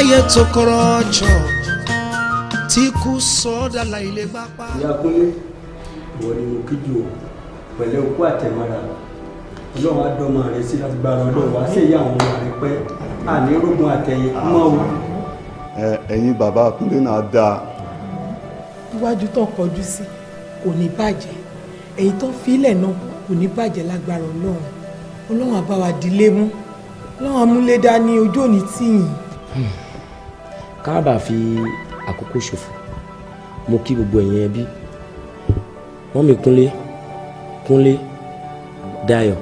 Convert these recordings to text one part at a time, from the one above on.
láyé tó kọ́rọ́ jọ tí kú sọ́ọ́dà láìlé bá pa. ìyá kúnlé ìwọ ni mo kíjù o pẹ̀lẹ́ òkú àtẹ̀mọ́ra ọlọ́run adọ́mọ rẹ sí láti gbára ọlọ́run wá sí ìyá àwọn ọmọ rẹ pẹ́ àní rògbòn àtẹ̀yìn mọ́ o. ẹ̀yin bàbá kúnlé náà dáa. iwájú tó kọjú sí kò ní bàjẹ́ èyí tó filẹ̀ náà kò ní bàjẹ́ lágbára ọlọ́run ọlọ́run àbáwá dilé mú ọlọ́run amúlé dání ojú òní tìyìn. Hmm káàbà fi àkókò ṣòfò mo kí gbogbo ẹ̀yin ẹbí wọ́n mi kúnlé kúnlé dayọ̀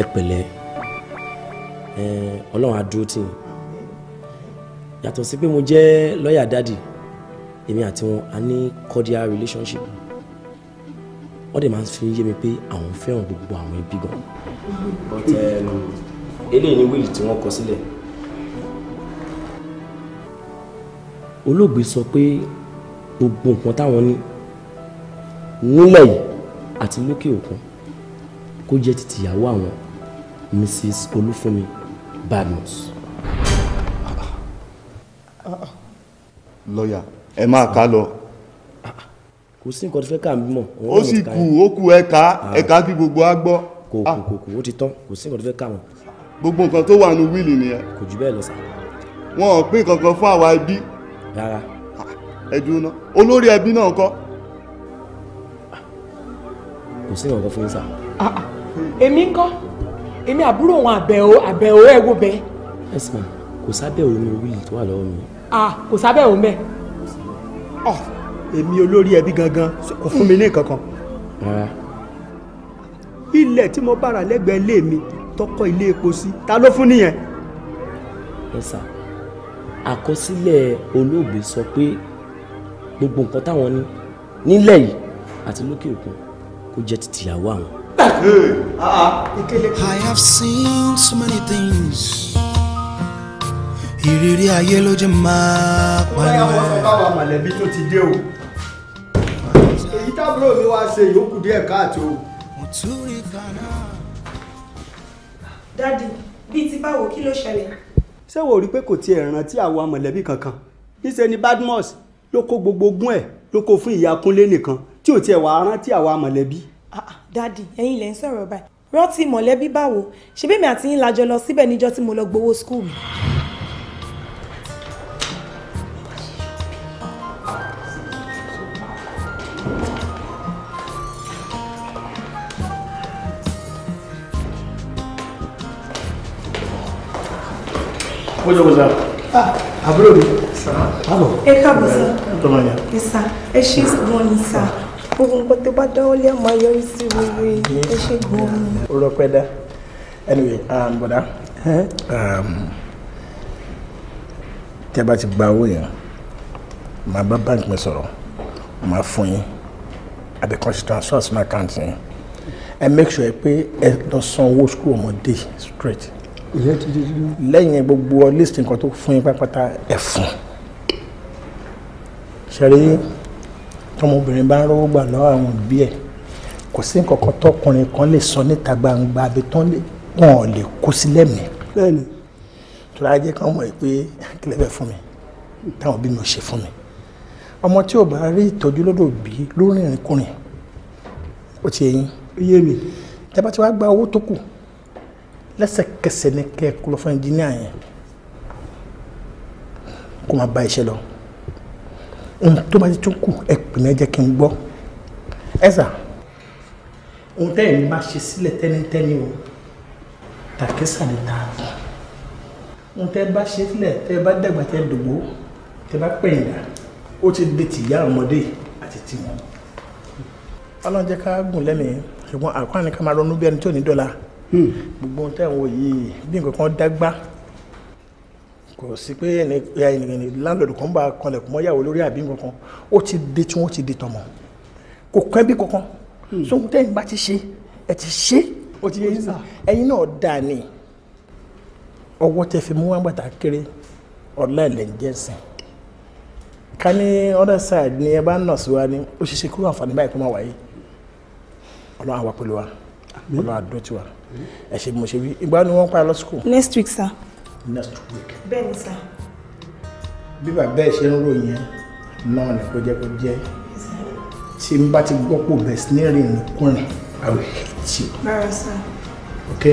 ẹ pẹ̀lẹ́ ọlọ́run á dúró tì yín yàtọ̀ sí pé mo jẹ́ lọ́ọ̀yà dádì èmi àti wọn a ní cordial relationship wọ́n dẹ̀ máa ń fi yé mi pé àwọn fẹ́ràn gbogbo àwọn ẹbí gan but um, eléyìí ni wíìlì tí wọ́n kọ sílẹ̀ olóògbé sọ pé gbogbo nǹkan táwọn ní nílẹ̀ yìí àti lókè òkun kó jẹ́ ti tìyàwó àwọn Mrs. Olúfúnmi Badmus. lọ́ọ̀yà ẹ máa ká lọ. kò sí nǹkan tó fẹ́ kà mí ó sì kù ó kù ẹ̀ka ẹ̀ka kí gbogbo á gbọ́. kò kò kò ó ti tán kò sí nǹkan tó fẹ́ kà mọ̀. gbogbo nǹkan tó wà nù wíìlì nìyẹn. kò jù bẹ́ẹ̀ lọ sá. wọn ò pín kankan fún àwa ẹbí rárá. ẹ dúró ná olórí ẹbí náà ńkọ́. kò sí ìrànwọ́ fún yín sà. Ah, ah. èmi ńkọ́ èmi àbúrò òun àbẹ̀wò àbẹ̀wò ẹ̀ wò bẹ́ẹ̀. ẹ sì máa kò sábẹ̀ òun ní wíìlì tó wà lọ́wọ́ mi. Ah, kò sábẹ̀ òun bẹ́ẹ̀. èmi olórí ẹbí gangan kò fún mi ní ìkankan. rárá. ilẹ̀ tí mo bára lẹ́gbẹ̀ẹ́ ilé mi tọkọ ilé epo sí ta ló fún nìyẹn. ẹ sà àkọsílẹ̀ olóògbé sọ pé gbogbo nǹkan táwọn ní nílẹ̀ yìí àti lókè òkun kó jẹ́ ti tìyàwó àwọn. Ah, ah. I have seen so many things. Ìrírí ayé ló jẹ́ máa pariwo. Báyọ̀ wọ́n sọ fáwọn mọ̀lẹ́bí tó ti dé o. Èyí tábìlì mi wá ṣe ìyókù díẹ̀ káàtó. Dádì, bíi ti báwo kí ló ṣẹlẹ̀? ṣé wò rí pé kò tiẹ̀ rántí àwa mọ̀lẹ́bí kankan níṣẹ́ ni Badmus ló kó gbogbo ogún ẹ̀ ló kó fún ìyá Kúnlé nìkan tí ò tiẹ̀ wàá rántí àwa mọ̀lẹ́bí. Ah, ah, dadi ẹ̀yin lẹ ń sọ̀rọ̀ báyìí rántí mọ̀lẹ́bí báwo ṣebí mi àti yín la jọ lọ síbẹ̀ níjọ́ tí mo lọ gbowó skul mi. kójọ kó sá. Ah, mi báwo. ẹ káàbọ̀ sá. tọ́lá yẹn. ẹ sá ẹ ṣe wọn ni sá gbogbo nǹkan tó bá dáwọ́ lé àmọ́ ayọ́rí sí rere ẹ ṣe gbọ́n mi. ó rọ pẹ́ dá anyway um, bọ̀dá um, tí a bá ti gba owó yẹn màá bá báńkì mi sọ̀rọ̀ màá fún yín àbí kan ṣe transfer sínú àkáǹtì yín ẹ make sure pé ẹ lọ san owó school ọmọdé straight ìyẹn ti di dídú. lẹ́yìn gbogbo list nǹkan tó fún yín pátápátá ẹ̀fún ṣẹ̀rí tọmọbìnrin bá ń rówó gbà lọ́wọ́ àwọn òbí ẹ̀ kò sí nǹkan kan tọkùnrin kan lè sọ níta gbangba àbí tán wọn ò lè kó sí lẹ́mìí. bẹ́ẹ̀ni. tó dáa jẹ́ kí wọ́n mọ̀ pé kílẹ̀ bẹ́ẹ̀ fún mi táwọn òbí mi ò ṣe fún mi ọmọ tí ò bá rí ìtọ́jú lọ́dọ̀ òbí lórí ìrìnkùnrin ó ti yé yín. iye mi. tẹ́ bá gba owó tó kù lẹ́sẹ̀kẹsẹ̀ ní kẹ́ ẹ kó lọ fún ẹnjìníà yẹn kó máa bá iṣẹ́ lọ ohun tó bá ti tún kù ẹ pè mí ẹ jẹ́ kí n gbọ́ ẹ sà ohun tẹ́yìn bá ṣe sílẹ̀ tẹ́nitẹ́ni o tàkísà ni tàà fún ohun tẹ́ bá ṣe sílẹ̀ tẹ́ bá dàgbà tẹ́ dògbò tẹ́ bá pẹ̀yìn dà ó ti di tìyá ọmọdé àti tiwọn. ọlọ́run jẹ́ ká gùn lẹ́mìí ṣùgbọ́n àkọ́ ká máa ronú bí ẹni tó ní dọ́là. Hmm. gbogbo tẹ́ ń wo yìí bí nǹkan kan dágbá kò sí pé ẹnìyàn láńlọ́dù kan bá kanlẹ̀kùn mọ́yàwó lórí àbí nǹkan kan ó ti di tí wọ́n ti di tọmọ kò kẹ́ bí kankan hmm. sóhun tẹ́yìn bá ti ṣe ẹ ti ṣe ó ti yé yín sà ẹ̀yin náà dáa ni ọwọ́ tẹ fi mú wá gbàtà kéré ọ̀la ẹ̀lẹ̀ ń jẹ́sìn ká ní other side ni ẹ bá ń nà sí wa ni ó ṣe ṣe kúrò àǹfààní báyìí kó má wáyé ọlọ́run àwa pẹ̀lú wa ọlọ́run àdó tiwa ẹ ṣe mo ṣe wí ìgbà ni wọ́n pa ẹ lọ school. next week sir. next week. bẹ́ẹ̀ni sir. bí bàbá ẹ ṣe ń ròyìn náà ni kò jẹ́ kó jẹ́ tí n bá ti gbọ́ pò bẹ̀ sí ní rìn kùnrin I will hate you. bẹ́ẹ̀ sir. ok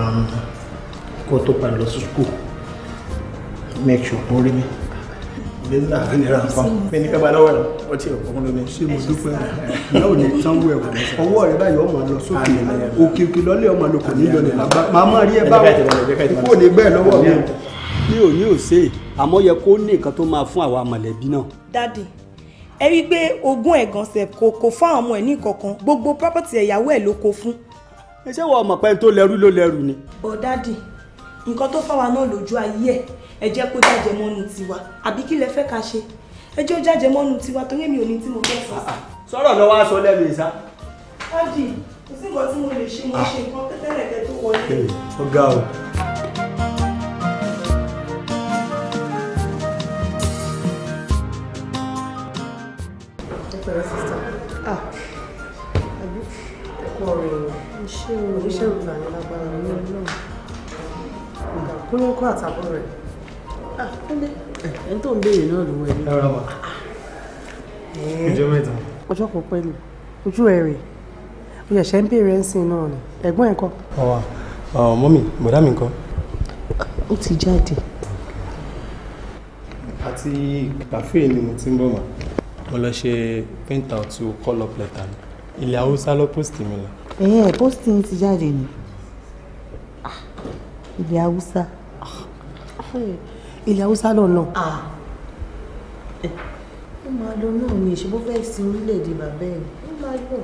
um, kó tó padà lọ sí school make sure kó rí mi ìgbésà ìnira nǹkan mi ní kẹba lọ́wọ́ rẹ ọtí ọkùnrin lómi. ṣé mo dúpẹ́ ìyá ò ní sanwó ẹ̀ wọ̀ ọwọ́ rẹ báyìí ọmọ lọ sókè òkè òkè lọ́lẹ̀ ọmọ lọ kò ní lọlẹ̀ màá má rí ẹ báwọn ikú ò ní bẹ́ẹ̀ lọ́wọ́ mi. mi ò ní òsè àmọ́ yẹ kó ní nǹkan tó máa fún àwa mọ̀lẹ́bí náà. dádì ẹ rí i pé ogún ẹ̀gàn kò kò fún àwọn ọmọ ẹ̀ ní kankan gbogbo property ẹ̀yàwó ẹ̀ ló kó fún. ẹ ṣé wọ́n mọ̀ pé ẹni tó lẹ́rú ló lẹ́rú ni. bọ̀ dádì nǹkan tó fáwa náà lójú ayé ẹ̀ ẹ jẹ́ kó jáde mọ́nu tiwa àbí kí lẹ fẹ́ ká ṣe ẹ jẹ́ ó jáde mọ́nu tiwa torí èmi ò ní tí mo fẹ́ fà á. Ah, ah. sọ̀rọ̀ lọ́wọ́ aṣọ lẹ́nu ìsá. ájì kò sí nǹkan tí mo lè ṣe mo ah. ṣe nǹkan tẹ́tẹ́rẹ̀kẹ́ tó wọlé. ó ga o. pẹ̀lú sísá. Àbí ẹ̀kọ́ ọ̀rọ̀ èèyàn. Iṣẹ́ òru iṣẹ́ òru àtàbọ̀ rẹ̀ ẹ̀ ń tó ń béèrè náà lọ́wọ́ ẹ̀ lọ́wọ́ wa ọjọ́ mẹ́ta. ọjọ́ kan pẹ́ ni ojú ẹ̀ rè o ṣẹ̀ṣẹ̀ ń béèrè ẹ̀ ń sìn náà ni ẹ̀gbọ́n ẹ̀ kọ́. ọwọ mọ́mì bọ̀dá mi ńkọ́. ó ti jáde. àti kàfé ni mo ti ń bọ̀ mà mo lọ ṣe print out to call up letter mi ilẹ̀ haúsá ló post mi lọ. ẹ̀ẹ́ eh, post yín ti jáde ni ah, ilẹ̀ haúsá. Ah, ilẹ̀ haúsá lọ́nà. ó máa lọ náà ni ìṣubú fẹ́ sin orílẹ̀-èdè bàbá ẹ̀ ó máa lọ.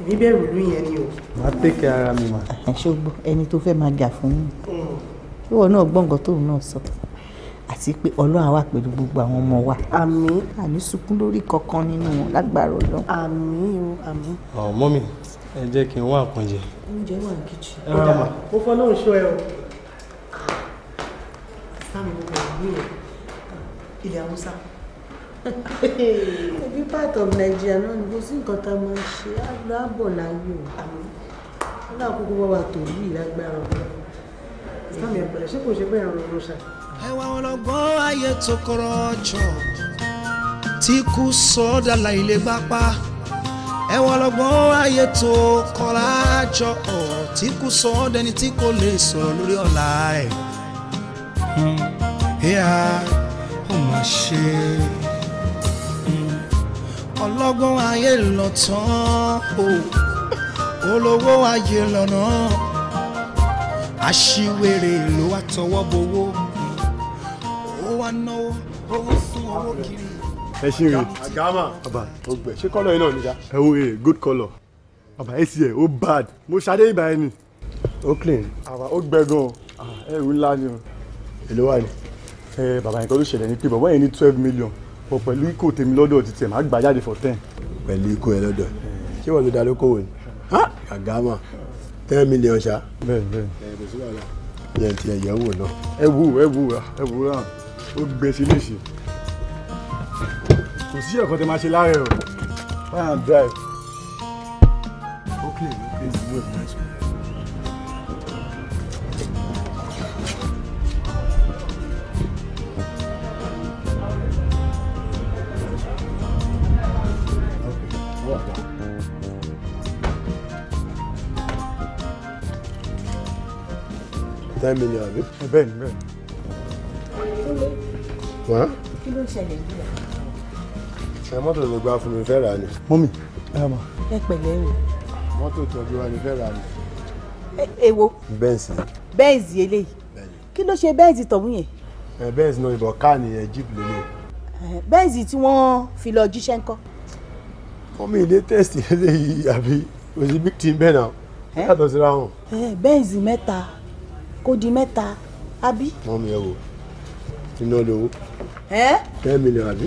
èmi bẹ̀rù ìlú yẹn ni o. màá tẹ̀kẹ́ ara mi mà. ẹ ṣùgbọ́n ẹni tó fẹ́ máa jà fún mi ìwọ náà gbọ́ nǹkan tóun náà sọ àti pé ọlọ́run wà pẹ̀lú gbogbo àwọn ọmọ wa. àmín. àní sunkún lórí kankan nínú wọn lágbára ọlọ́run. àmín o àmín. ọ mọ́mì ẹ jẹ́ kí n wá nǹkan jẹ. oúnjẹ wà ní kìchì. ẹ rà mà. ó fọ́ lóun ṣó ẹ o sísá mi mo bẹ̀rẹ̀ ní ẹ̀ ilẹ̀ haúsá ẹbí part of Nigeria náà ni kò sí nǹkan tá a máa ṣe aláàbọ̀ láyé o aláà kúkú bá wa tò yìí lágbára ọ̀gbọ́n sísá mi ẹ̀bẹ̀rẹ̀ ṣé kò ṣe bẹ́ẹ̀ rán lọ́rọ́ ṣá. ẹwà ọlọgbọ́n ayé tó kọrọ jọ tí kú sọ́dà láìlè bá pa ẹwà ọlọgbọ́n ayé tó kọrọ jọ tí kú sọ́dà ẹni tí kò lè sọ̀rọ̀ lórí ọ̀la Yeah, ó mà ṣe ọlọ́gbọ́n ayé lọ tán o olówó ayé lọ́nà aṣiwèrè ló wá tọwọ́ bowó ó wá náwó ó fún owó kiri. ẹ ṣe rè àgàmà bàbá ó gbẹ ṣé kọ́lọ̀ yìí náà níjà. ẹ wo ee eh, good colour bàbá ẹ ti yẹ ó bad mo ṣadé ìbá ẹni. ó clean. àwa ó gbẹ gan-an ah, ẹrù ńlá ni o èlò wà ní. ẹ bàbá yẹn kọ́ ló ṣẹlẹ̀ ní pé bàbá yẹn ní twelve million pọ̀ pẹ̀lú ikọ̀ tèmi lọ́dọ̀ ti tẹ̀ máa gbà jáde for ten. pẹ̀lú ikọ̀ ẹ lọ́dọ̀ ṣé wọ́n ló da lókòwò ni àgámà ten million ṣá. bẹ́ẹ̀ bẹ́ẹ̀ yẹn ti ẹ̀yẹ́ wò náà. ẹ wù ẹ wù ẹ wù rà ó gbé sí lè ṣe kò sí ẹ̀kọ́ tẹ máa ṣe láàárẹ̀ o. fire and drive. okay okay. ten million àbí. bẹ́ẹ̀ni bẹ́ẹ̀ni. wá. kí ló ń ṣẹlẹ̀ yìí. ẹ mọ́tò ló gba fún mi fẹ́ rà ni. mọ́mì ẹ mọ̀. ẹ pẹ̀lẹ́ o. mọ́tò tọ́jú wa ni fẹ́ rà benzi èwo. bẹ́ǹsì. bẹ́ǹsì eléyìí kí e ṣe bẹ́ǹsì tọ̀hún yẹn. ẹ eh, bẹ́ǹsì náà ìbọn káà nìyẹn eh, jíìpù lélẹ̀. Eh, bẹ́ǹsì tí wọ́n fi lọ jíṣẹ́ ńkọ́. mọ́mì ilé tẹ̀sì eléyìí àbí òsì bíi ti bẹ́ẹ̀ náà yàtọ̀ kó di mẹ́ta àbí. wọ́n mi ẹ wo iná lówó. ẹ. ten million àbí.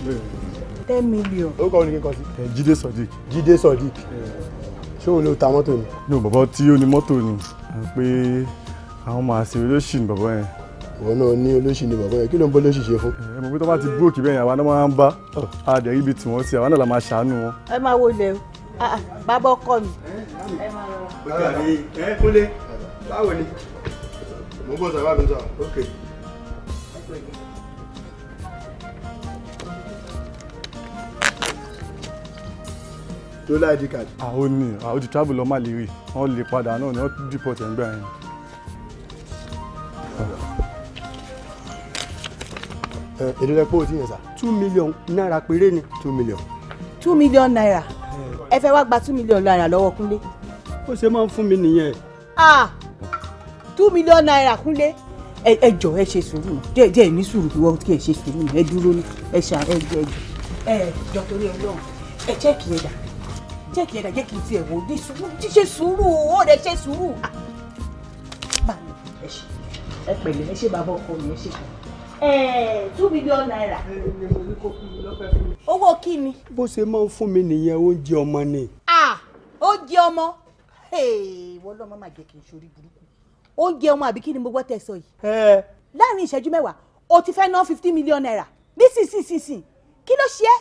ten million. ó kọ́ ni kí n kọ́ sí. Jídé Sodiq. Jídé Sodiq. ṣé òun ló ta mọ́tò ni. yóò bàbá tí ó ní mọ́tò ni pé àwọn máa ṣe olóṣì ni bàbá yẹn. ìwọ náà ní olóṣì ni bàbá yẹn kí ló ń bọ́ olóṣì ṣe fún. ẹ mọ̀ pé tó bá ti búròkì bẹ́ẹ̀ yẹn àwa náà máa ń bá adẹ̀ ibi tí wọ́n ti àwa náà la máa ṣàánú wọn. ẹ máa wo ilẹ̀ o bàbá ọkọ mi. ẹ máa lọ. báwo ni mo bọ̀ sábà mi sọ ok. tó láì di card. àwọn ni àwọn ti travel lọ máa lè rí wọn lè padà náà ni wọn deport ẹ̀ ń gbà yẹn. èdè rẹ pé o ti yẹn sá. two million naira. péré ni. two million. two million naira ẹ fẹ́ wá gba two million naira lọ́wọ́ Kúnlé. ó ṣe máa ń fún mi nìyẹn. ah two million naira kúnlé ẹ jọ ẹ ṣe sùúrù náà díẹ̀ díẹ̀ ní sùúrù wọ kí ẹ ṣe sùúrù náà ẹ dúró ní ẹ ṣe ẹ jọ ẹ jọ ẹ jọ torí Ọlọ́run ẹ chẹkì ẹ dà chẹkì ẹ dà jẹ kí n tiẹ̀ wò ní sùúrù tí ṣe sùúrù ó rẹ ṣe sùúrù. báyìí ẹ ṣe ẹ pẹ̀lẹ́ ẹ ṣe bàbá ọkọ mi ẹ ṣe kàn two million naira. owó kí ni. bó ṣe máa ń fún mi nìyẹn oúnjẹ ọmọ ni. ah oúnjẹ ọmọ ìwọ lọ́mọ máa jẹ́ kí n sórí burúkú oúnjẹ ọmọ àbí kí ni mo gbọ́ tẹ̀ sọ yìí. láàrin ìṣẹ́jú mẹ́wàá o ti fẹ́ ná fifty million naira nísinsìnyí kí ló ṣe é.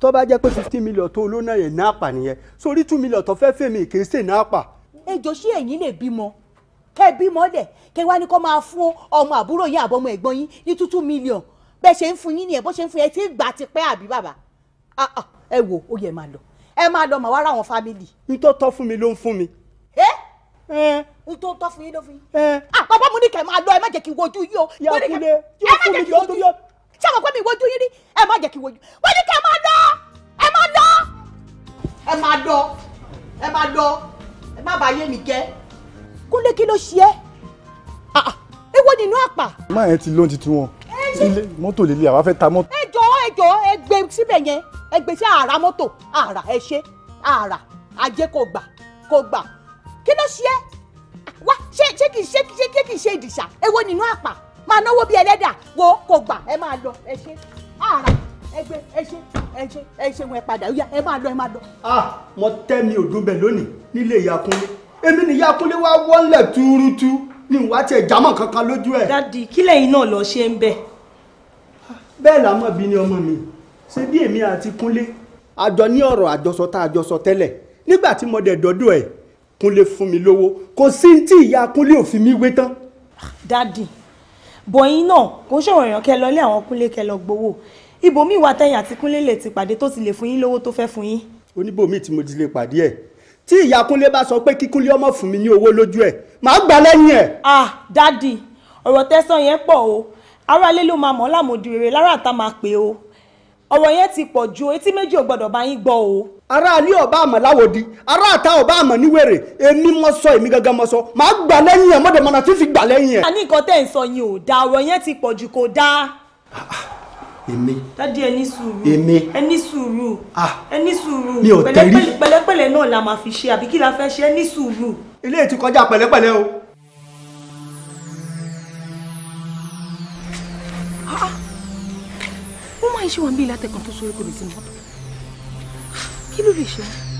tó bá jẹ́ pé fifty million tó olóná yẹn náà pa nìyẹn sórí two million tó fẹ́ fèmí kì í ṣe náà pa. ejò ṣé ẹ̀yin lè bímọ kẹ́ bímọ dẹ̀ kẹ́ wá ní kó máa fún ọmọ àbúrò yín àbọ̀mọ ẹ̀gbọ́n yín ní two two million bẹ́ẹ̀ ṣe ń fún yín nìyẹn bó ṣe ń fún yẹn tí gbà ti pẹ́ àbí bàbá ah, ah, ẹ wò ó yẹ máa lọ ẹ máa lọ màá wá fámìlì. n tọ́ fún mi ló ń fún mi. ẹ Eh. n tó tọ́ fún yín ló fún yín. Eh. Ah, bàbá mo ní kẹ́ máa lọ ẹ má jẹ́ kí n wojú yín o. yàkúlẹ̀ yóò fún mi yóò tó yọ. ṣé àwọn pé mi wojú yín rí ẹ má jẹ́ kí n wojú. wọ́n ní kẹ́ máa lọ ẹ máa lọ. ẹ máa lọ ẹ máa lọ ẹ má bàa yé mi jẹ́. kúnlé kí ló ṣe é ah, ah. ewo nínú àpà. má yẹn ti lóun ti tún wọn mọ́tò lélẹ̀ àwa fẹ́ ta mọ́tò. ẹ jọ ẹ jọ ẹ gbé síbẹ̀ yẹn ẹ gbé sí àrà mọ́tò àrà ẹ ṣe àrà ajé kò gbà kò gbà kí ló ṣe é wá ṣé ṣé kì í ṣe kì í ṣe kì í ṣe ìdìṣà èwo nínú àpà máa náwó bí ẹlẹ́dà wo kò gbà ẹ máa lọ ẹ ṣe àrà ẹ gbé ẹ ṣe ẹ ṣe ẹ ṣe wọn ẹ padà ó yá ẹ máa lọ ẹ máa lọ. a ah, mo tẹ́ mi ò dúbẹ̀ lónìí nílé ìyá kúnlé èmi nìyá kúnlé wá wọ́lẹ̀ túrútú ni ìwà tiẹ̀ jámọ̀ kankan lójú ẹ̀. dadi kílẹ̀ yìí náà lọ ṣe ń bẹ̀. bẹ́ẹ̀ làmọ́ bí ni ọmọ mi ṣe bí èmi àti kúnlé àjọ ní ọ̀rọ̀ àjọsọ tá àjọsọ tẹ́lẹ̀ nígbà tí mo dẹ̀ dọ́dọ̀ ẹ̀ kúnlé fún mi lówó kò sí tí ìyá kúnlé ò fi mí wé tán. dádì bọ̀yìn náà kò ṣòro èèyàn kẹ lọ lé àwọn kúnlé kẹ lọ gbowó ibòmíì wà tẹ̀yìn àti kúnlé lè ti pàdé tó ti lè fún yín lówó tó fẹ́ fún yín. oníbòmíì tí mo ti lè pàdé ẹ̀ tí ìyá kúnlé bá sọ pé kíkúnlé ọmọ fún mi ní owó lójú ẹ̀ màá gbà lẹ́yìn ẹ̀. ah dádì ọ̀rọ̀ tẹ́sán yẹn pọ̀ o aráalé ló máa mọ̀ ọ́ lámòdì rere lára àtà máa pè o ọ̀rọ̀ yẹn ti pọ̀ ju etí méjì ò gbọ́dọ̀ bá yín gbọ́ o. aráàlú ọba àmọ̀ láwòdì aráàta ọba àmọ̀ níwèrè èmi mọ sọ èmi gangan mọ sọ màá gbà lẹ́yìn ẹ̀ mọ́dẹ̀mọ́nà tí fi gbà lẹ́yìn ẹ̀. a ní nǹkan tẹ́ ń sọ yín ò dáa ọ̀rọ̀ yẹn ti pọ̀ ju kò dáa. èmi. dádì ẹ ní sùúrù. èmi. ẹ ní sùúrù. ẹ ní sùúrù. mi ò tẹ́rí. pẹ̀lẹ́pẹ̀lẹ́ náà la máa fi ṣe àbí kí la fẹ́ ṣe ẹ sùúrù. ilé ìtukọjá pẹ̀lẹ́pẹ̀lẹ́ o báyìí ṣe wà ń bí ìlàtẹ̀kàn tó sórí kò lè sí mọ́tò kí ló lè ṣe wọ́n.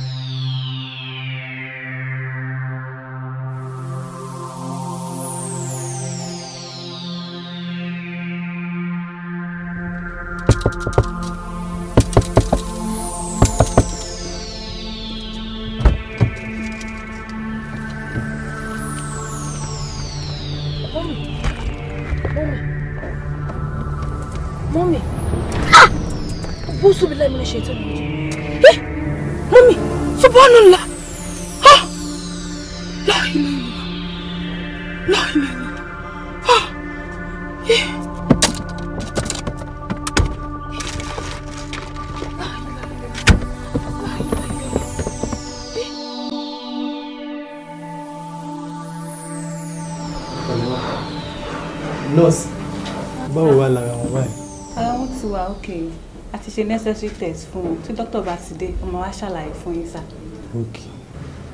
ṣètò ìjọ. ẹ mọ́mí ṣùgbọ́n ńlá láìlẹ̀ láìlẹ̀ láìlẹ̀ yẹ. nurse báwo wà lára wọn báyìí. ara wọn ti wà ókè. Okay ti ṣe necessary test fún un tí dókítà bá ti dé ọmọ wa ṣàlàyé fún yín sà. ok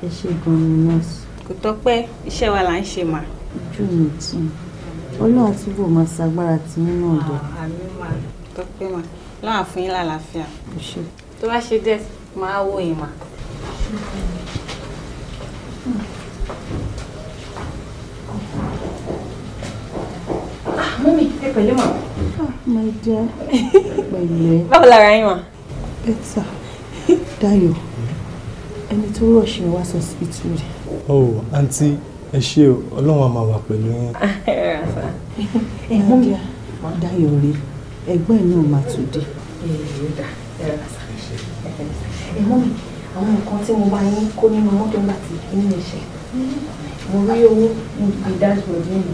ẹ ṣe gan-an nọ́ọ̀sì. kò tọ́pẹ́ iṣẹ́ wa là ń ṣe mà. ojú mi tún ọlọ́run túbọ̀ máa ṣàgbára tí yín náà dé. Ah, àmì máa tọ́pẹ́ mà lọ́wọ́ fún yín lálàáfíà. tó bá ṣe dẹ́ máa wò yín mà. Ah, mọ́mí ẹ pẹ̀lẹ́ mọ́. Ah, my dear pẹ̀lẹ́. báwo lára yín wà. bẹ́tà Dayọ̀ ẹni tó rọ̀ṣẹ̀ wá sọ́sibítù rẹ̀. oh àǹtí ẹ ṣé o ọlọ́run á máa wà pẹ̀lú yín. Ah, eh, ẹ̀gbọ́n Dayọ̀ rèé ẹgbẹ́ náà máa tún dé. Eh, ẹ̀gbọ́n eh, mi àwọn nǹkan tí mo bá yín kó nínú mọ́tò ńlá ti nínú iṣẹ́ mm-hmm. mo rí owó níbi dashboard yìí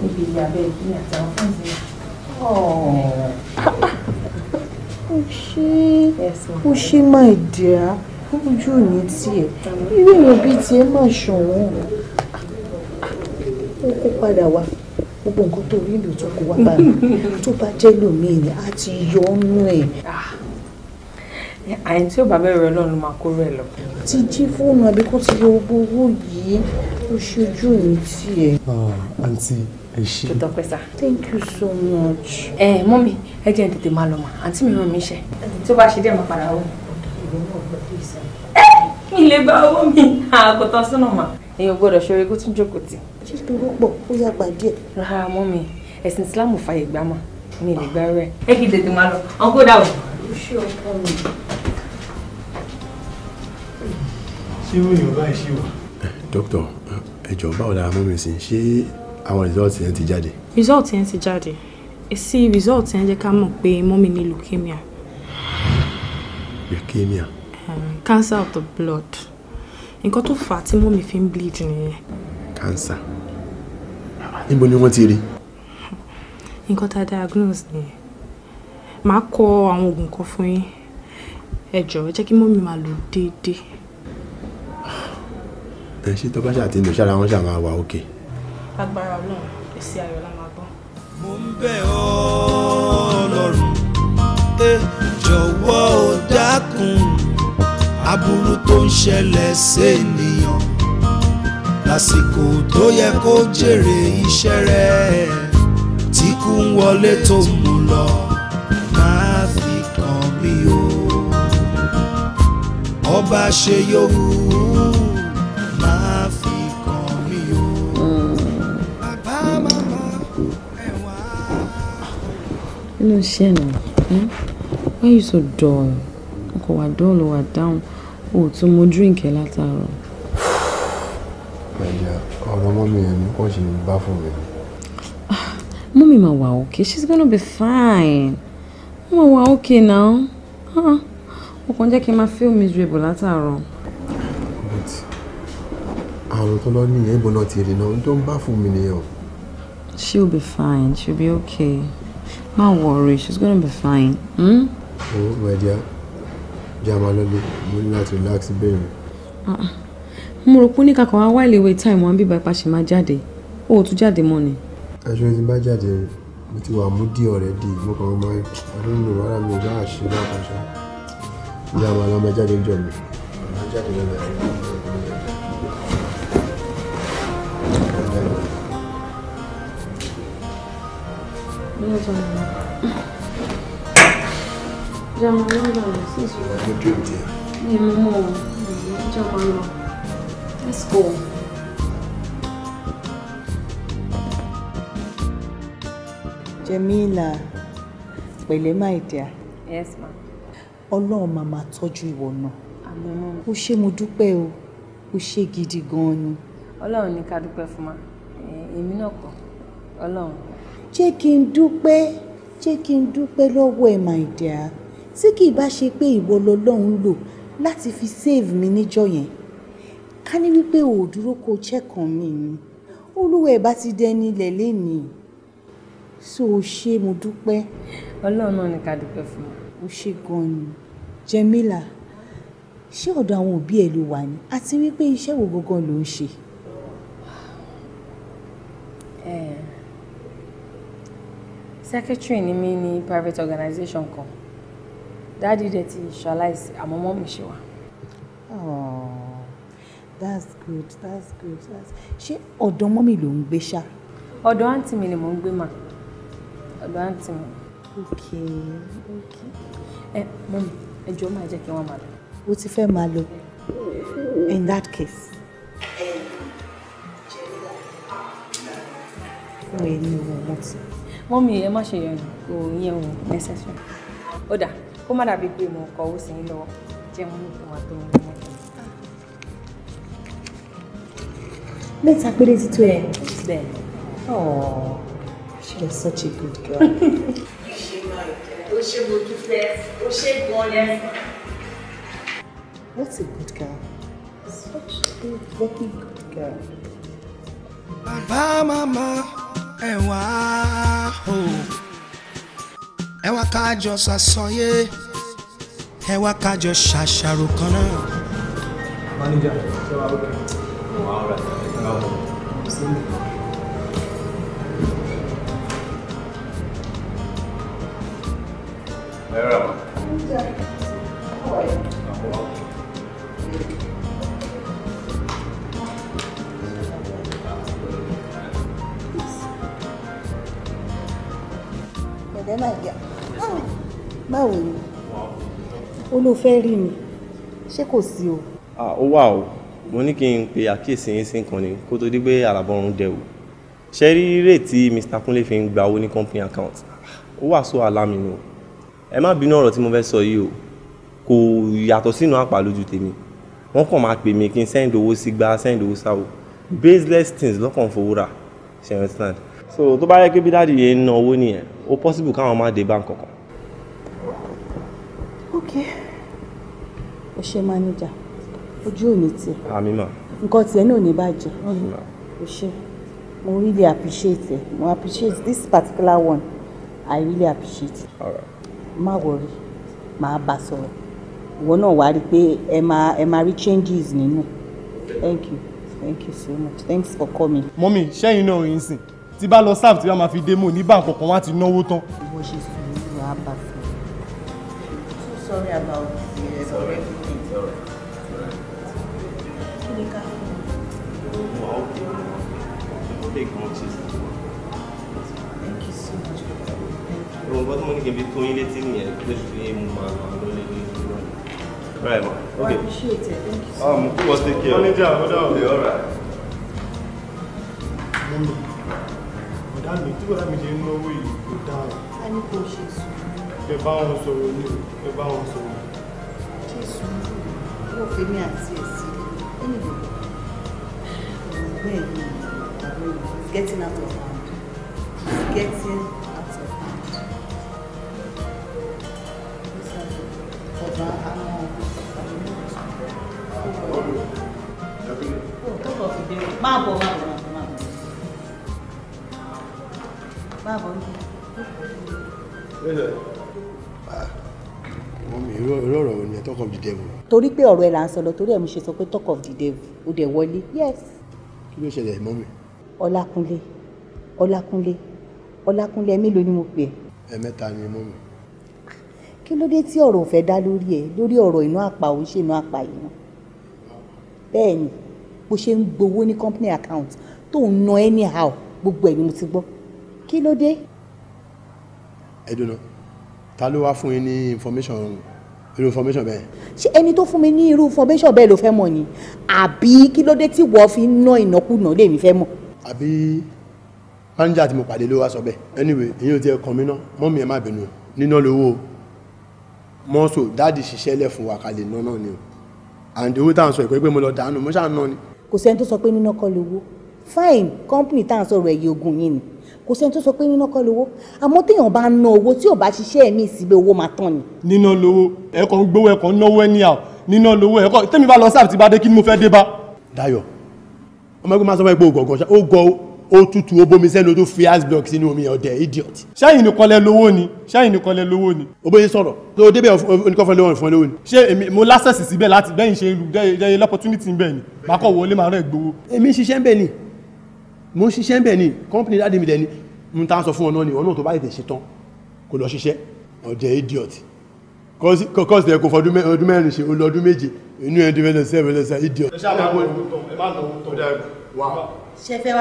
níbi ìyàbẹ̀ ìpínlẹ̀ àtàwọn fúnṣẹ́ náà. Oh, ṣe ó my dear, dìá would you need irú èèyàn bíi tiẹ̀ máa ṣọ̀wọ́n ó kó padà wá gbogbo nǹkan tó rí lò tó kó wá bá mi tó bá jẹ́ lòmíì ni a ti yọ ọ́nú ẹ̀. Ah. àyìn tí ò bá bẹ̀rẹ̀ ọlọ́run ló máa kó rẹ̀ lọ. ti jí fóònù àbí kó ti tó tọpẹ sá. thank you so much. ẹ mọ mi ẹ jẹ́ n tètè máa lọ mà àǹtí mi ràn mí iṣẹ́. tó bá ṣe díẹ̀ máa padà wọ. ẹ kí n lè gba owó mi àkótọ́ sínú mà. èèyàn gbọ́dọ̀ ṣoore kó tún jókòó tì. ṣé ibi owó pọ̀ ó yá gbà díẹ̀. rárá mọ mi ẹ̀sìn Islam fàyè gbà mà mi lè gbà rẹ̀. ẹ kì í tètè máa lọ ọkọ dà o. ṣé ìròyìn ọba ìṣe wà. dókítà ẹjọ báwo la mọ mi sí ṣé àwọn result yẹn ti jáde. result yẹn ti jáde èsì result yẹn jẹ́ ká mọ̀ pé mọ́mí ní leukemia. leukemia. Um, cancer of the blood nǹkan tó fà á tí mọ́mí fi ń bleed nìyẹn. cancer níbo ni wọ́n ti rí. nǹkan tá a diagnose nìyẹn màá kọ àwọn oògùn kan fún yín ẹ jọ̀ọ́ jẹ́ kí mọ́mí máa lò déédéé. ẹ ṣe tó bá ṣàtìlù ṣára wọn ṣàmáwá òkè. Okay agbára ọlọ́run èsì ayọ̀ la máa gbọ́. mo ń bẹ̀ ọ́ ọlọ́run ẹ jọ̀wọ́ ò dákun aburú tó ń ṣẹlẹ̀ séènìyàn lásìkò tó yẹ kó jèrè iṣẹ́ rẹ̀ tí kú ń wọlé tó mú lọ ọba ṣe yóò ló ń ṣe ẹ̀nà why you so dull ọkọ̀ wà dull wà down o ò tún mu drink ẹ̀ látàárọ̀. ẹ̀yà ọ̀rọ̀ mọ́mí yẹn ni wọ́n ṣe ń bá fún mi. Ah, mọ́mí máa wà okay she's gonna be fine wọ́n máa wà okay now ah, o kàn jẹ́ kí n máa feel miserable látàárọ̀. but àrùn tó lọ ní ìyẹn ìbọn náà ti rí náà tó ń bá fún mi nìyẹn o. she'll be fine she'll be okay. Don't worry she's gonna be fine. Hmm? oh my dear jama lọ́lẹ̀ mo ní láti relax bẹ́ẹ̀ ah, ah. mo rò pé ní kakọ̀ wá wá time wọn bíbá ipa ṣe máa jáde ó tún jáde mọ́ ni. aṣọ ti bá jáde mo ti wà mú díẹ̀ ọ̀rẹ́ di mo kàn máa àdúgbò wàrà mi bá àṣírí àkàṣà ìyá àwọn ọmọ jáde ń jọ mi ọmọ jáde lọ́la Jamila, lọ́dọ̀ rẹ̀ sí pẹ̀lẹ́ my Yes ma. Ọlọ́run máa máa tọ́jú ìwọ náà. Àmín. Ó ṣé mo dúpẹ́ o, ó ṣé gidi gan-an ni. Ọlọ́run ní ká dúpẹ́ fún ma, èmi náà kọ́, Ọlọ́run jẹ́ kí n dúpẹ́ jẹ́ kí n dúpẹ́ lọ́wọ́ ẹ̀ my dear tí kì í bá ṣe pé ìwọ lọ́lọ́run lò láti fi save mi níjọ́ yẹn ká ní wípé ò dúró kó chẹ́kàn mi ni olúwa ẹ̀ bá ti dẹni ilẹ̀ lénìí so o ṣé mo dúpẹ́. ọlọ́run náà ni ká dúpẹ́ fún un. o ṣé gan-an ni Jẹmílà ṣé ọ̀dọ̀ àwọn òbí ẹ̀ ló wà ní àti wípé iṣẹ́ wo gangan ló ń ṣe. ẹ̀ẹ́ eh, secretary ni mí ní private organization kan dáàdi dẹ̀ ti ṣaláìsí àmọ́ mọ́ mi ṣe wà. Oh, that's good that's good that's ṣé ọ̀dọ̀ mọ́mì ló ń gbé ṣá. ọ̀dọ̀ àǹtí mi ni mò ń gbé mà ọ̀dọ̀ àǹtí mi. ok ok ẹ mọ́mì ẹ jọ̀ọ́ máa jẹ́ kí wọ́n máa lọ. o ti fẹ́ máa lọ in that case. Wait, no, no, no. mọ́tò mọ́mí ẹ má ṣe yẹn o yẹn o necessary. ó dà kó má dàbí pé mo kọ owó sí yín lọ́wọ́ jẹ́ mú kí wọ́n tó ń lọ. mẹ́ta péré ti tó ẹ̀ bẹ́ẹ̀. Oh, she is such a good girl. What's a good girl? Such a lucky good girl. Bye, Mama ẹ wá o ẹ wá kájọ sàsọyé ẹ wá kájọ ṣàṣàrò kan náà. manager ṣé wàá lókè wàá rà ẹ bá wà sílẹ̀. pẹ̀lẹ́ máa yà báwo ni ó ló fẹ́ rí mi ṣé kò sí o. ó wà o mo ní kí n pe àkíyèsí yín sí nǹkan ni kó tó di pé àràbọ̀rún dẹ̀ o ṣe rí rèétí Mr. Kúnlé fi ń gba owó ní company account ó wà so alámìnú o ẹ má bínú ọ̀rọ̀ tí mo fẹ́ sọ yìí o kò yàtọ̀ sínú àpá lójú tèmi wọ́n kàn máa pè mí kí n send owó sí gba send owó sáwò baseless things lọ́kàn fowó rà ṣe understand so tó bá yẹ kí bí yẹn ń ná owó nìyẹn ó possible káwọn má dé bá nǹkankan. ok o ṣe manager ojú ò ní tiẹ̀. àmì mà. nǹkan tiẹ̀ náà ò ní bàjẹ́. o ṣe mo really appreciate it mo appreciate this particular one i really appreciate it. má wọrí máa bá sọ̀rọ̀ ìwọ náà wá rí i pé ẹ máa ẹ máa rí changes nínú thank you thank you so much thanks for coming. mọ́mí ṣẹ́yìn náà ń sìn tí bá lo sáf tí bá máa fi dé mò ní bá nǹkan kan wá ti náwó tán. ìwọ ṣe sùúrù wà á so sorry about the Right, ma. Okay. I appreciate it. Thank you so ah, much. Um, take care. Manager, hold on. Okay, all right. Mm bọ̀dá mi tí bọ̀dá mi ṣe ń náwó yìí kò dáa. a ní kò ṣe sùn. ẹ bá wọn sọ̀rọ̀ ni ẹ bá wọn sọ̀rọ̀. ṣé sùn yóò fi mí àti èsì ẹni gbogbo ọmọ ẹgbẹ́ yìí ọ̀rọ̀ yìí getting out of hand getting. Ah, irú ọ̀rọ̀ wo ni ẹ talk of the devil. torí pé ọ̀rọ̀ ẹ̀ là ń sọ lọ torí ẹ̀ mo ṣe sọ pé talk of the devil ó dẹ̀ wọlé yes. kí ló ṣẹlẹ̀ mọ́ mi. ọlákúnlé ọlákúnlé ọlákúnlé mélòó ni mo pè é. ẹ̀mẹ́ta ni mọ́ mi. kí ló dé tí ọ̀rọ̀ ò fẹ́ dá lórí ẹ̀ lórí ọ̀rọ̀ inú àpà òun ṣe inú àpà yìí wọn. bẹ́ẹ̀ ni bó ṣe ń gbowó ní company account tó ń ná anyhow gbogbo ẹ̀ ni mo ti gbọ́ kí ló dé ẹ̀dùnà ta ló wá fún yín ní information irú information bẹ́ẹ̀. ṣé ẹni tó fún mi ní irú information bẹ́ẹ̀ ló fẹ́ mọ̀ ni àbí kí ló dé tí wọ́n fi ná ìnákúnà lèmi fẹ́ mọ̀. àbí manager tí mo pàdé ló wá sọ bẹ́ẹ̀ anyway èyí ò tiẹ̀ kàn mí ná mọ́mí ẹ̀ má bínú níná lówó mọ́sọ̀ dáàdì ṣiṣẹ́ lẹ̀ fún wa kalẹ̀ náà náà ni o and owó tá à ń sọ ìpè pé mo lọ dànù mo ṣáà ná ni. kò sẹ́ni tó sọ pé níná kọ́ lówó fine company tá à ń sọ̀rọ̀ ẹ̀yẹ ogun yìí ni kò sẹ́ni tó sọ pé níná kọ́ lówó àmọ́ téèyàn bá ná owó tí ò bá ṣiṣẹ́ ẹ̀mí ìsìnbẹ̀ owó máa tán ni. níná lówó ẹ̀kọ́ ń gbowó ẹ̀kọ́ ń náwó ẹni à níná lówó ẹ̀kọ́ tẹ́mi bá lọ sáà tí bá dé kí ni mo fẹ́ dé bá. Dayọ̀ ọmọ ẹgbẹ́ máa sọ fún ẹ pé ògọ̀gọ̀ ó gọ ó tútù ó bomi sẹ́nu ó tún fi ice block sínú omi ọ̀dẹ̀ idiot. ṣáyìn nìkan lẹ lówó ni ṣáyìn nìkan lẹ lówó ni. o bóyá sọ̀rọ̀ tó o débẹ̀ oníkan fún lówó fún lówó ni. ṣé èmi mo ni mo ṣiṣẹ́ bẹ̀ ni company dáadé mi dẹ̀ ni n ta sọ fún ọ̀nà ni ọ̀nà tó bá ìtẹ̀ ṣetán kò lọ ṣiṣẹ́ ọ̀jẹ̀ idiot kọ́sì ẹ̀kọ́ fọdún mẹ́rin ṣe olọ́dún méje inú ẹ̀ dìbẹ̀lẹ̀sẹ̀ ẹ̀bẹ̀lẹ̀sẹ̀ idiot ṣẹfẹ́ wa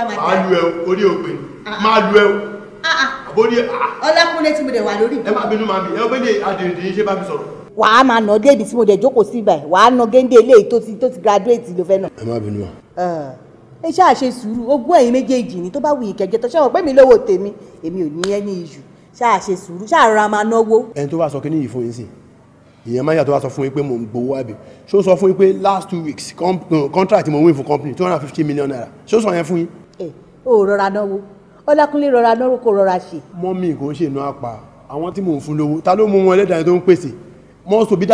máa dá lu ẹ orí òpè ah, ah. máa lu ẹ ah, àbórí ọlákúnlé tí mo dẹ̀ wà lórí. ẹ má bínú má bí ẹ bẹ́ẹ̀ ni àdèrèdè yìí ṣe bá mi sọ̀rọ̀. wà á máa nà débi tí mo dẹ̀ jókòó sí ibà wà á nà géńdé eléyìí tó ti graduate ló fẹ́ nà. ẹ má bínú wa. Eh ẹ ṣáà ṣe sùúrù ogún ẹ̀yin méjèèjì ni tó bá wù yín kẹjẹ tó ṣẹ́wọ̀n pé mi lówó tèmi èmi ò ní ẹni ìṣù ṣáà ṣe sùúrù ṣáà rọra máa náwó. ẹni tó wá sọ kíní yìí fún yín sí ìyẹn máyà tó wá sọ fún yín pé mò ń gbowó àbí ṣó sọ fún yín pé last two weeks contract mo win fún company two hundred and fifty million naira ṣó sọ yẹn fún yín. ẹ o rọra náwó ọlákúnlé rọra náwó kó rọra ṣe. mọ́mí kò ń ṣe iná apá àwọn tí mò ń fún lówó ta ló mú wọn ẹlẹ́dàá tó ń pèsè mọ́sọ̀ bí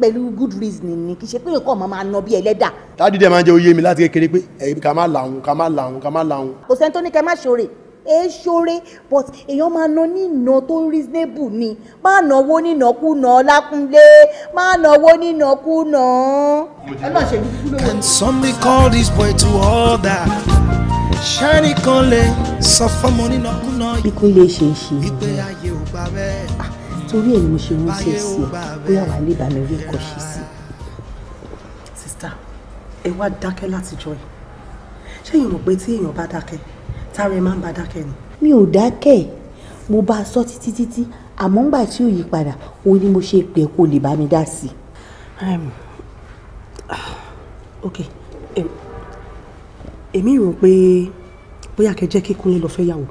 pẹ̀lú good reasoning ni kì í ṣe pé nǹkan ọmọ máa ná bí ẹlẹ́dà. dájú dẹ̀ máa ń jẹ́ oyè mi láti kékeré pé ẹ̀yìn ká má làwọn ká má làwọn ká má làwọn. kò sẹ́ni tó ní kẹ́ má ṣoore ẹ ṣoore but èèyàn máa ná níná tó reasonable ni má náwó nínàkúnà lákúnlé má náwó nínàkúnà. and some may call this boy to order ṣáàní kan lè sọ fọ́mọ nínàkúnà. ikú lè ṣe é ṣe é. ayé ò gbà bẹ́ẹ̀. Ah, torí ẹ̀ ni mo ṣe ránṣẹ́ sí ẹ bóyá wàá lè bá mi rí nǹkan ṣe sí. sista ẹ wá dákẹ́ látijọ́ ẹ̀ ṣẹ́yìn rò pé tí èèyàn bá dákẹ́ tára ẹ máa ń bá dákẹ́ ni. mi ò dákẹ́ mo bá a sọ títí títí àmọ́ ńgbà tí ò yí padà òun ni mo ṣe pé kó lè bá mi dá sí i. ok èmi rò pé bóyá kẹ́ jẹ́ kí Kúnlé lọ fẹ́ yàwó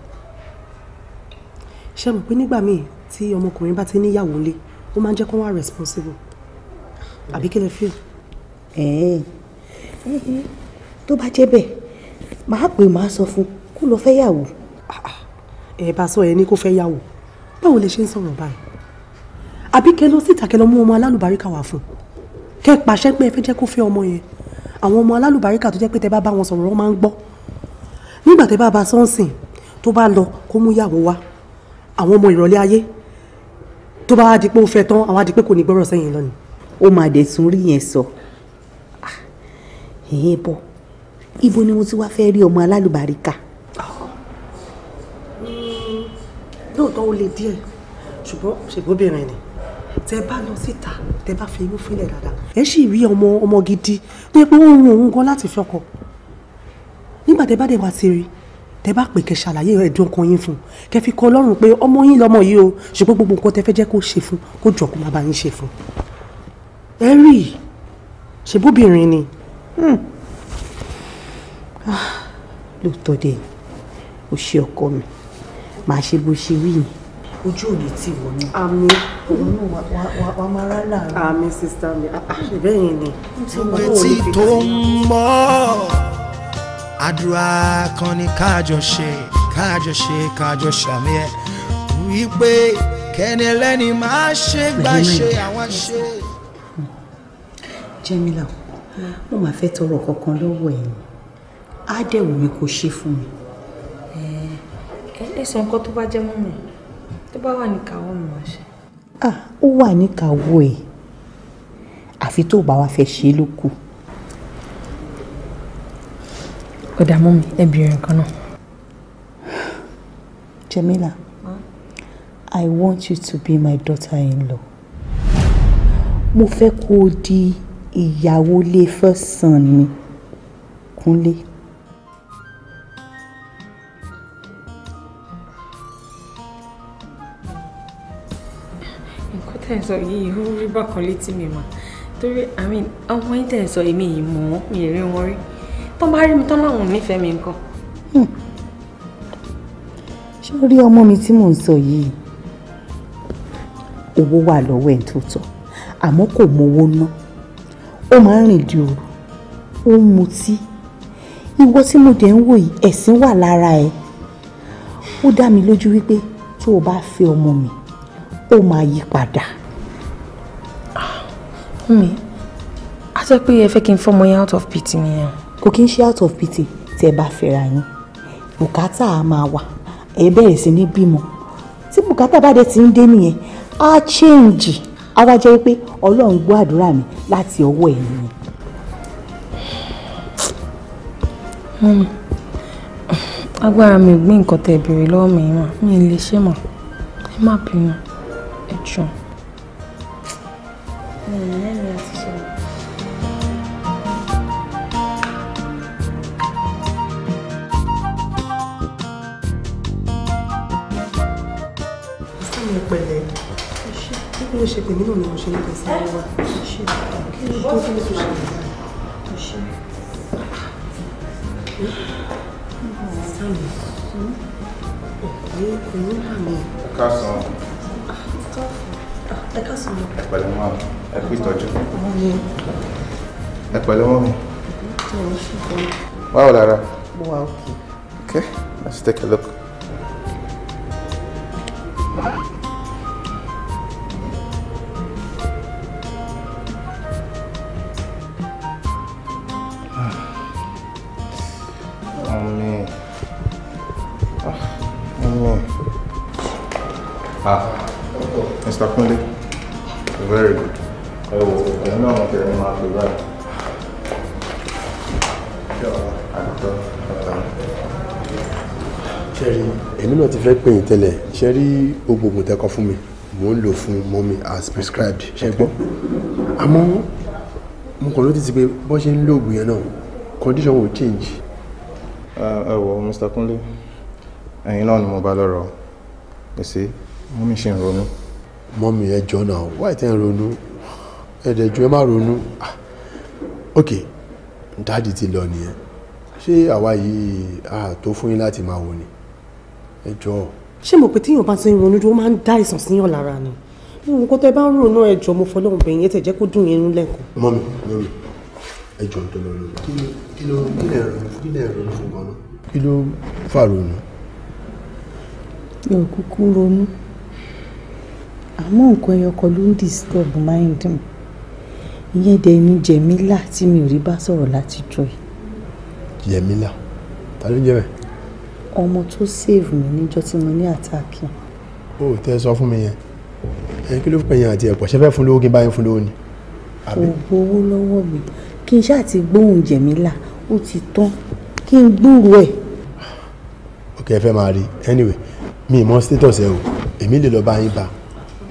ṣé mo pé nígbà míì tí ọmọkùnrin bá ti níyàwó ńlé ó máa ń jẹ́ kó wá responsible àbí kí lè fi. tó bá jẹ́ bẹ́ẹ̀ màá pè màá sọ fún kó lọ fẹ́ yàwó. Ah, ẹ bá sọ ẹ ní kó fẹ́ yàwó báwo lè ṣe ń sọ̀rọ̀ báyìí àbí kẹ lọ síta kẹ lọ mú ọmọ alálùbáríkà wá fún kẹ pàṣẹ pé ẹ fẹ́ jẹ́ kó fẹ́ ọmọ yẹn àwọn ọmọ alálùbáríkà tó jẹ́ pé tẹ bá bá wọn sọ̀rọ̀ wọn máa ń gbọ́ nígbà tẹ bá bá sọ́ọ̀sìn tó bá lọ kó mú yàwó wá àwọn ọmọ ìrọ̀lẹ́ ayé tó bá wá di pé ó fẹ́ tán àwa di pé kò ní gbọ́rọ̀ sẹ́yìn lọ́nìí. ó máa dẹ̀ tún rí yẹn sọ ẹ̀yìn ah, eh, eh, bọ̀ ibo ni mo ti wá fẹ́ rí ọmọ alálùbáríkà. lóòótọ́ ó le díẹ̀ ṣùgbọ́n ṣègbóbìnrin ni tẹ bá lọ síta tẹ bá fi irú fílẹ̀ dáadáa. ẹ sì rí ọmọ ọmọ gidi pé pé ó ń rún òun gan láti fọkọ nígbà tẹ bá dé wá sí rí tẹ bá pè kẹ́ ṣàlàyé ẹ̀dùn ọkàn yín fún kẹ́ fi kọ́ Ọlọ́run pé ọmọ yín lọ́mọ yìí o ṣùgbọ́n gbogbo nǹkan tẹ fẹ́ jẹ́ kó ṣe fún kó jọ kó má bá yín ṣe fún. ẹ rí i ṣèbóbìnrin ni hmm. ah, lóòótọ́ dé o ṣe ọkọ mi màá ṣe bó ṣe wí yìí ojú òní tí wọ́n ní. àmì òun náà wà máa rá láàrin. àmì sísá mi àbẹ́yìn ah, ah, ni. ìwé tí tó ń bọ̀ àdúrà kan ní kájọ ṣe kájọ ṣe kájọ ṣàmì ẹ wípé kẹni ẹlẹ́ni máa ṣe gbà ṣe àwọn ṣe. Jẹ́mílà mo máa fẹ́ tọrọ kankan lọ́wọ́ ẹ̀yin á dẹ̀ wù mí kó ṣe fún mi. ẹ sọ nǹkan tó bá jẹ́ mọ́ mi tó bá wà ní mi máa ṣe. Ah, ó wà ní kàwọ́ àfi tó bá wa fẹ́ ṣe ló kù. kò dààmú mi ẹ bìrì nǹkan Jamila I want you to be my daughter-in-law mo fẹ́ kó o di ìyàwó lé first son mi Kúnlé. nǹkan tẹ̀ ń sọ yìí ó rí bákan létí mi mà torí I mean ọmọ yín tẹ̀ ń sọ èmi yìí mọ̀ ọ́n mi ì rí wọn rí tó bá rí mi tán láwọn ò nífẹ̀ẹ́ mi nǹkan. Hmm. ṣé o rí ọmọ mi tí mò ń sọ yìí owó wà lọ́wọ́ ẹ̀ tó tọ́ àmọ́ kò mówó ná ó máa ń rìn di òru ó ń mutí ìwọ tí mo dẹ̀ ń wò yìí ẹ̀sìn wà lára ẹ̀ ó dá mi lójú wípé tó o bá fẹ́ ọmọ mi ó máa yí padà. Ah, mi a jẹ́ pé ẹ fẹ́ kí n fọmọ yẹn out of pity nìyẹn kò kí n ṣe out of pity tí ẹ bá fẹ́ra yín bùkátà á máa wà ẹ bẹ̀rẹ̀ sí ní bímọ tí bùkátà bá dẹ̀ ti ń dé nìyẹn á change á wá jẹ́ pé ọlọ́run gbọ́ àdúrà mi láti ọwọ́ ẹ̀ nìyẹn. mọ́mi agbára mi gbé nǹkan tẹ̀ béèrè lọ́wọ́ mi mà mi lè ṣe mọ̀ ẹ má bínú ẹ jọ̀ọ́. ló ṣe pèmí náà ni mo ṣe ní kẹsàn án mi tó ṣe lára. mo okay let's take a look. Mr. Kunle, very good. Oh, oh, oh, I wo ẹ̀yin náà mo tẹ̀lé máa fi báyìí. Àdúgbò Sherry, Ṣẹ́rí, èmi náà ti fẹ́ pè yín Sherry, Ṣẹ́rí oògùn tẹ́kọ̀ fún mi, mò ń lò fún mọ́mi as prescribed. Ṣé gbọ́? Àmọ́ mo kàn ló ti ti pé bọ́n ṣe ń lo oògùn yẹn náà, condition will change. Uh, ẹ wo Mr. Kunle, ẹ̀yin náà ni mo bá lọ́rọ̀. Pèsè, mọ́mi ṣe ń ronú mọ́mí ẹ jọ náà wáyé tẹ́ ń ronú ẹ̀ẹ́dẹ̀jú ẹ má ronú ah, ok dáàdì ti lọ nìyẹn ṣé àwa yìí a tó fún yín láti máa wò ni ẹ jọ. ṣé mo pé tíyàn bá ti ń ronú ó máa ń dá àìsàn síyàn lára ni nǹkan kó tẹ bá ń ronú ẹ mo fọlọ́run bẹ̀yìn ẹ tẹ̀ jẹ́ kó dùn yẹn nú lẹ́kọ̀ọ́. mọ́mí mọ́mí ẹ jọ tó lọ lórí kí ló kí lè ronú kí lè ronú fún gan-an. kí ló fà ronú. yóò kúkú ronú àmọ́ nǹkan ẹyọkọ ló ń disturb mind mi ìyẹn dẹ̀ ni Jẹ̀mílà tí mi ò rí bá sọ̀rọ̀ láti jọ yìí. Jẹ̀mílà ta ló jẹ́ bẹ́ẹ̀. ọmọ tó save mi níjọ́ tí mo ní àtàkì. o ò tẹ́ sọ fún mi yẹn ẹ kí ló fún yẹn àti ẹ̀pọ̀ ṣe fẹ́ fún lówó kí n bá yẹn fún lówó ni. kò gbowó lọ́wọ́ mi kí n ṣáà ti gbóhùn Jẹ̀mílà ó ti tán kí n gbúrò ẹ̀. ok ẹ fẹ́ máa rí anyway mi ì mọ status ẹ o èmi lè lọ bá yín bá a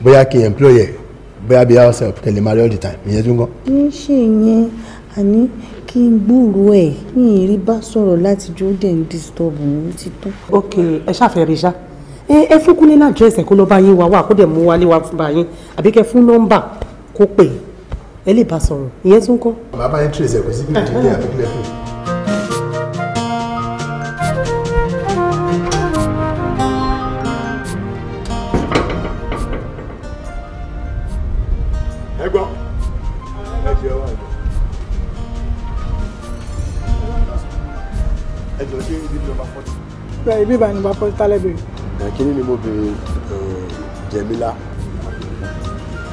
bóyá kí employer bóyá bí house help kẹlẹ marry all the time ìyẹn tún kọ. kì í ṣe yẹn àní kí n gbúròó ẹ kí n rí bá sọ̀rọ̀ láti jó dẹ̀ ń disturb mi ti ok ẹ ṣàfẹ́ rí ṣá ẹ fún Kúnlé ní àdírẹ́sì ẹ̀ kó lọ́ọ́ bá yín wá wá kó dẹ̀ mú wálé wá fún bá yín àbí kẹ́ fún nọ́mbà kó pè ẹ lè bá sọ̀rọ̀ ìyẹn tún kọ́. bàbá yẹn tírèsì ẹ̀ kò sí bí ìdílé àbíkílẹ̀ fún un. bí ìbànú bá fọ́ tálẹ̀ bèrè. kíní ni mo bèrè Jẹmílà.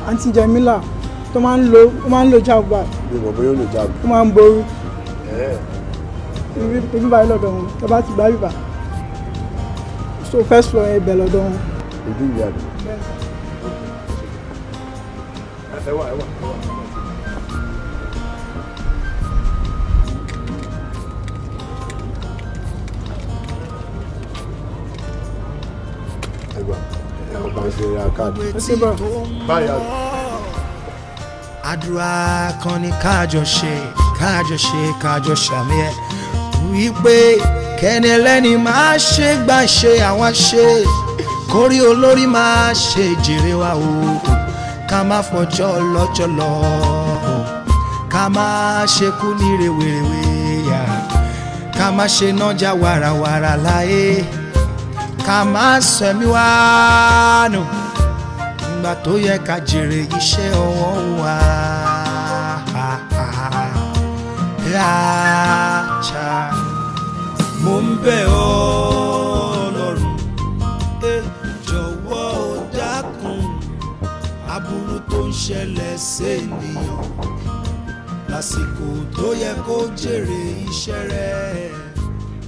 àǹtí Jẹmílà tó máa ń lo ó máa ń lo jágbá. mi ò mọ̀ bóyá ó lò jágbá. ó máa ń ború. ibi báyìí lọ́dọ̀ wọn tó bá ti gbá bíbà so first floor yẹn bẹ̀ lọ́dọ̀ wọn. ojú ìyá rẹ̀. ẹ wà ẹ wà ẹ wà. ṣe àkàdé ẹ ṣe bá báyà. àdúrà kan ni kájọ ṣe kájọ ṣe kájọ ṣàmì ẹ wípé kẹ́ni ẹlẹ́ni máa ṣe gbà ṣe àwọn ṣe kórí olórí máa ṣe jèrè wa o ká má fọjọ́ lọ́jọ́lọ́ ká má ṣekú ní rèwerèwe ká má ṣe nájà wàràwàrà láyé ká má sẹ̀mí wá nù ìgbà tó yẹ ká jèrè iṣẹ́ ọwọ́ wa. Láàṣà mo ń bẹ̀ ọ́ lọ́rùn ẹ jọ̀wọ́ ó dákun aburú tó ń ṣẹlẹ̀ sí ènìyàn lásìkò tó yẹ kó jèrè iṣẹ́ rẹ̀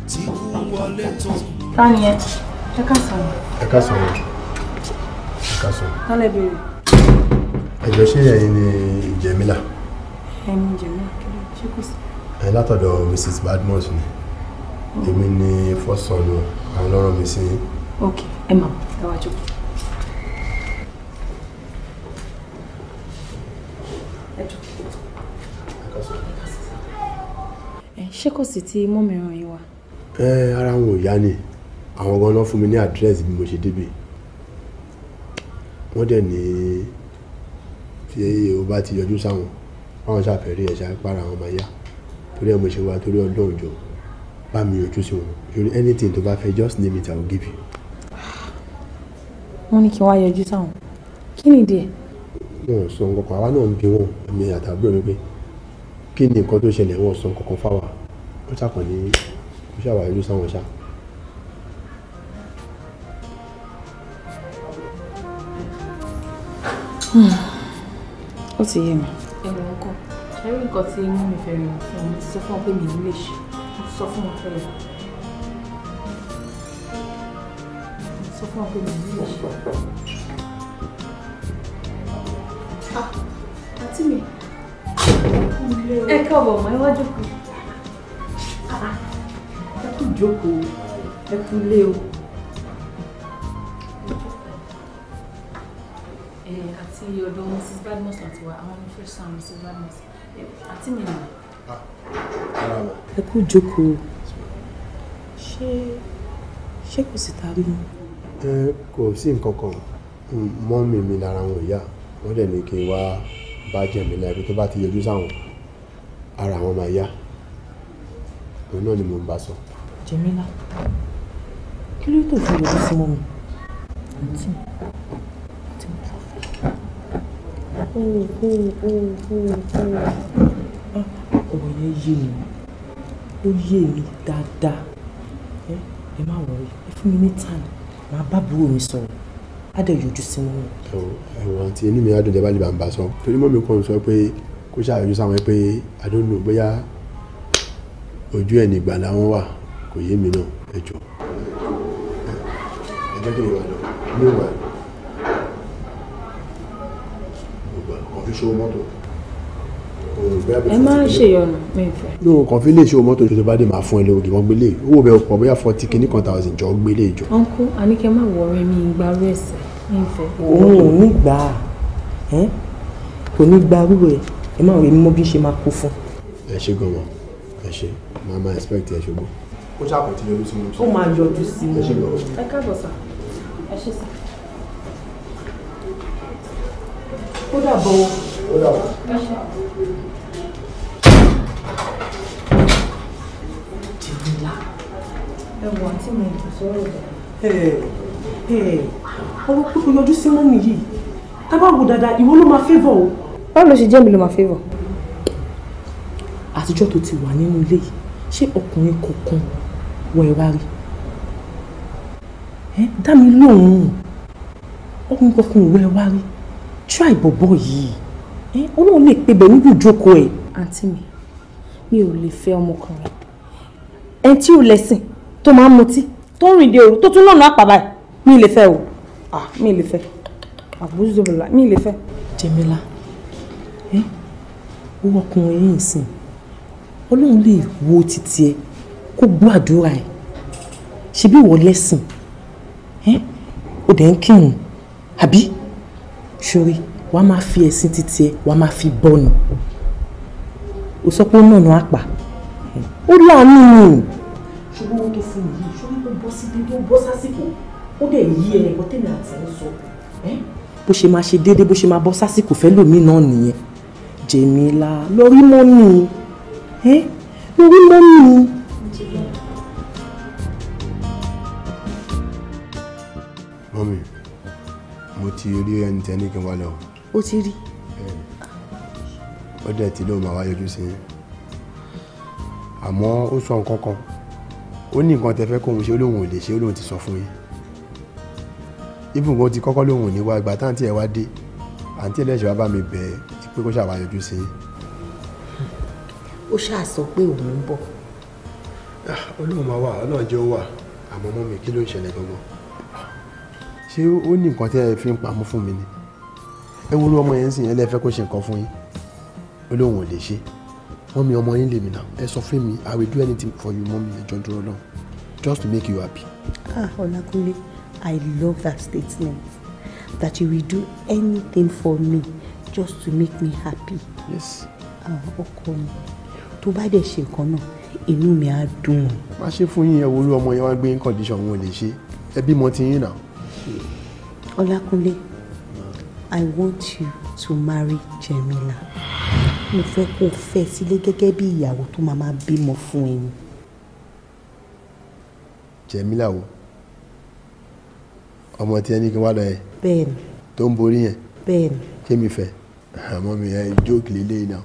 tí kú wọlé tó. Ta ẹ ká sọ̀rọ̀. ẹ ká sọ̀rọ̀ ẹ ká sọ̀rọ̀. tálẹ̀ béèrè. ẹ̀jọ̀ ṣé ẹ̀yin ni Jẹ́mílà. ẹ̀yin Jẹ́mílà kí ló ṣe kò sí. ẹ látọ̀dọ̀ Mrs. Badmus ni oh. èmi ni fọ́sọ̀nù àwọn ọlọ́rọ̀ mi sí. ok ẹ mọ̀ ẹ wá jókòó. ṣé kò sí tí mọ́mìíràn yín wá. ẹ ara wọn ò yá ni àwọn gan náà fún mi ní àdírẹ́sì bí mo ṣe débi wọ́n dẹ̀ ní tí o bá ti yọjú sáwọn báwọn ṣàfẹ́rí ẹ̀ṣà para àwọn máa yá torí ẹ̀ mo ṣe wá torí ọlọ́run jọ bá mi yọjú sí wọn torí anything tó bá fẹ́ just name it I will give you. wọ́n ní kí wá yọjú sáwọn kí ni ìdí ẹ̀. wọn ò sọ nǹkan kan àwa náà ń bi wọn èmi àtàbúrò mi pé kí ni nǹkan tó ṣẹlẹ̀ wọn ò sọ nǹkan kan fáwa ó ṣàkànní ó ṣàwà yọjú sáwọn ṣáà. ó ti yé mi. ẹ̀wọ̀n ọkọ ẹ̀rí nǹkan tí inú mi fẹ́ rẹ̀ fún mi sọ fún ọ pé mi ò lè ṣe mo sọ fún ọ fẹ́ rẹ̀ sọ Ah, àti mi. Ẹ káàbọ̀ mọ́, ẹ wá jókòó. Ah, ẹ kú jókòó, ẹ kú lé o. Eh, àti ọ̀dọ̀ mrs badmus àti wa àwọn nutrition mrs badmus eh, àti mi nìyẹn. Ah, ẹ kú jókòó ṣé ṣé kò sì ta mú. ẹ kò sí nǹkan kan mọ́mì mi lára wọn ìyá wọ́n dẹ̀ ní kí n wá bá jẹ̀mí lẹ́ẹ̀kú tó bá ti yọjú sáwọn ara àwọn máa yá òun náà ni mo ń bá sọ. jẹ̀mílà kí ló tó fi yọjú sí mọ́mì ọ̀rọ̀ yẹn yé mi ó yé mi dáadáa ẹ má wọrí ẹ fún mi ní tàn máa bá àbúrò mi sọ̀rọ̀ á dẹ̀ yọjú sí wọn. ẹ̀wọ̀n àti ẹni mi á dùn dẹ́bàlì bàbá sọ torí mọ́ mi kàn ń sọ pé kó ṣàyọjú sáwọn pé I don't know bóyá ojú ẹ̀ nígbà làwọn wà kò yé mi náà ẹ jọ ẹ jẹ́ kí ni wà lọ mi wà lọ. fi ṣòwò mọ́tò. ẹ má ṣèyọnu mi fẹ́. ló o kàn fi lè ṣòwò mọ́tò tó bá dé máa fún ẹ lóògì wọn gbélé owó bẹ pọ̀ bóyá forty kìíní kan thousand jọ gbélé jọ. ọ̀nkú àníkẹ́ má wọ̀ọ́rẹ́ mi ń gbárù ẹ̀sẹ̀ mi fẹ́. òun ò ní gbà á kò ní gbárù ẹ ẹ má rí mọ́ bí ṣe máa kó fún. ẹ ṣe gan-an ẹ ṣe màá máa expect ẹ ṣùgbọ́n ó ṣàpọ̀ tí sí mi. ó máa yọjú sí mi. ẹ káàbọ̀ sà ẹ ṣe sà. ó dàbọ̀ ó dàbọ̀. ẹwọ àti mi ò sọ̀rọ̀ ọwọ́ pé kò yọjú sí mọ́mì yìí tábà wò dáadáa ìwọ ló máa fẹ́vọ̀ o. báwo ló ṣe jẹ́ mi ló máa fẹ́vọ̀. àtijọ́ tó ti wà nínú ilé yìí ṣé ọkùnrin kọ̀ọ̀kan wọ ẹ wá rí ẹ dá mi lóhùn ọkùnrin kọ̀ọ̀kan wọ ẹ wá rí try bọ̀bọ̀ yìí eh, ọlọ́run lè pe bẹ̀rù yóò jókòó ẹ̀. àǹtí mi mi ò lè fẹ́ ọmọkùnrin ẹni tí ò lẹ́sìn tó máa ń mutí tó ń rìn de òru tó tún lọ́nà àpàbà ẹ̀ mi le fẹ́ o ah mi lè fẹ́ àbúzọ̀bọ̀là mi lè fẹ́. Jẹmílà eh, ó ọkùnrin yìí sìn ọlọ́run lè wo títí ẹ kó gbọ́ àdúrà ẹ ṣebí ìwọ lẹ́sìn eh, ó dẹ̀ ń kírun àbí sori wàá máa fi ẹ̀sìn títí ẹ wàá máa fi bọ́ọ̀nù ò sọ pé ó nànà àpà ó láàánú ni. ṣùgbọ́n owó tó fún mi yìí ṣọ́ni kò bọ́ síbi tó bọ́ sásìkò ó dẹ̀ yí ẹ ẹ̀kọ́ tèmi àti ẹ̀ sọ. bó ṣe máa ṣe déédéé bó ṣe máa bọ́ sásìkò fẹ́lòmíì náà nìyẹn Jẹ̀mílà lórí mọ́mì lórí mọ́mì. O ti rí ẹni tẹ́ ní kí n wá lọ. o ti rí. ó dẹ̀ tí ló máa wá yọjú sí i àmọ́ ó sọ nǹkan kan ó ní nǹkan tẹ́ fẹ́ kóun ṣe olóhùn ò lè ṣe olóhùn ti sọ fún yín ibùgbọ́n ti kọ́kọ́ lóhùn ní wá ìgbà táǹtì ẹ̀ wá dé àǹtí ẹlẹ́ṣẹ̀ wá bá mi bẹ̀ ẹ́ pé kó ṣàwá yọjú sí i. ó ṣáà sọ pé òun ń bọ̀. Ah, ọlọ́run máa wà ọlọ́run jẹ́ ó wà àmọ́ mọ́mi kí ló ń ṣẹlẹ̀ gangan ṣé ó ní nǹkan tí ẹ fi ń pamọ́ fún mi ni ẹ wo ló ọmọ yẹn ń sìn ẹ lẹ́ẹ̀fẹ́ kó ṣe nǹkan fún yín olóhùn ò lè ṣe wọ́n mi ọmọ yín lè mí náà ẹ sọ fún mi i will do anything for you mọ́mí ẹjọ́ dúró náà just to make you happy. ah Ọlákúnlé i love that statement that you will do anything for me just to make me happy. yes. Ah, ọkọ mi tó bá dẹ̀ ṣe nǹkan náà inú mi á dùn. má ṣe fún yín ẹ wo ló ọmọ yẹn wá gbé in condition wọn ò lè ṣe ẹ bímọ ti yín náà Ọlákúnlé, I want you to marry Jemila. Mo fẹ́ kó o fẹ́ sílé gẹ́gẹ́ bí ìyàwó tó máa máa bímọ fún ẹ ni. Jemila wo? Ọmọ tí ẹni kí wá lọ yẹn? Bẹ́ẹ̀ni. Tó ń borí yẹn? Bẹ́ẹ̀ni. Ṣé mi fẹ́? Àmọ́ mi ẹ jókè lélẹ́yìn náà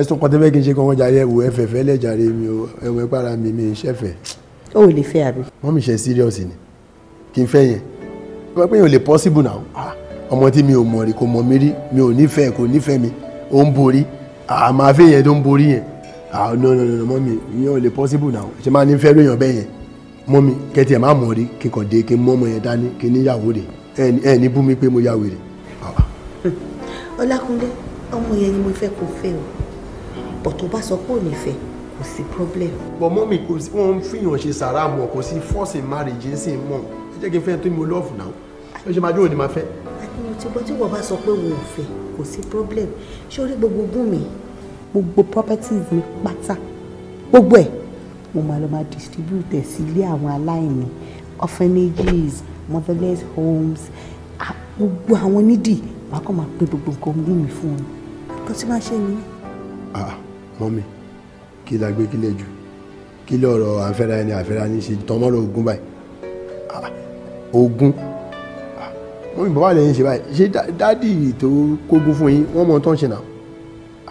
ẹsùn kan tẹ́fẹ́ kí n ṣe kí wọ́n jàre ẹ̀wò ẹ̀fẹ̀ fẹ́ lẹ́jàre mi o ẹ̀wọ̀n ẹ̀pára mi mi ìṣẹ̀fẹ̀. o ò lè fẹ́ àbí. wọ́n mi ṣe serious ni kí n fẹ́ yẹn wọ́n pé yóò lè possible náà ah, ọmọ tí mi ò mọ̀ rí kò mọ̀ mí rí mi ò nífẹ̀ẹ́ kò nífẹ̀ẹ́ mi ó ń borí ah, àmọ́ àfẹ́ yẹn tó ń borí yẹn ah no no no mọ́mi ìyẹn ò lè possible náà ṣe máa ní fẹ́ lóyún ọbẹ̀ yẹn mọ́mi kẹ́tì ẹ̀ má mọ̀ rí kíkọ̀ dé kí n mọ́ ọmọ yẹn dání kí n níyàwó rè ẹ̀ ní bú mi pé mo yà wèrè. Ah. Ọlákúnlé ọmọ yẹn ni mo fẹ́ kó fẹ́ o bọ̀ tó bá sọ pé ò ní fẹ́ kò sí problem. bọ̀ mọ́mi kò sí wọ́n ń fìyàn ṣe sàrà mọ̀ kò sí force marriage ń sìn mọ́ jẹ́ kí n fẹ́ tó mi lọ́ọ̀fù náà ó ṣe máa dúró ni máa fẹ́. àdúró tí gbọ́ tí wọ́n bá sọ pé wò ó fẹ́ kò sí problem sórí gbogbo ogún mi gbogbo properties mi pátá gbogbo ẹ̀ mo máa lọ máa distribute sí ilé àwọn aláìní orphanages motherless homes gbogbo àwọn nídìí màá kàn máa pe gbogbo nǹkan bí mi fún un nǹkan tí máa ṣe nìyẹn. ah mọ́mi kí la gbé kílẹ̀ jù kí lọ́rọ̀ àfẹ́ra ẹni àfẹ́ra ẹni ṣe tọmọ́rọ̀ ogun báyìí ogún wọ́n mi bàbá lẹ́yìn ṣe báyìí ṣé dádì tó kógun fún yín wọ́n mọ tán ṣe náà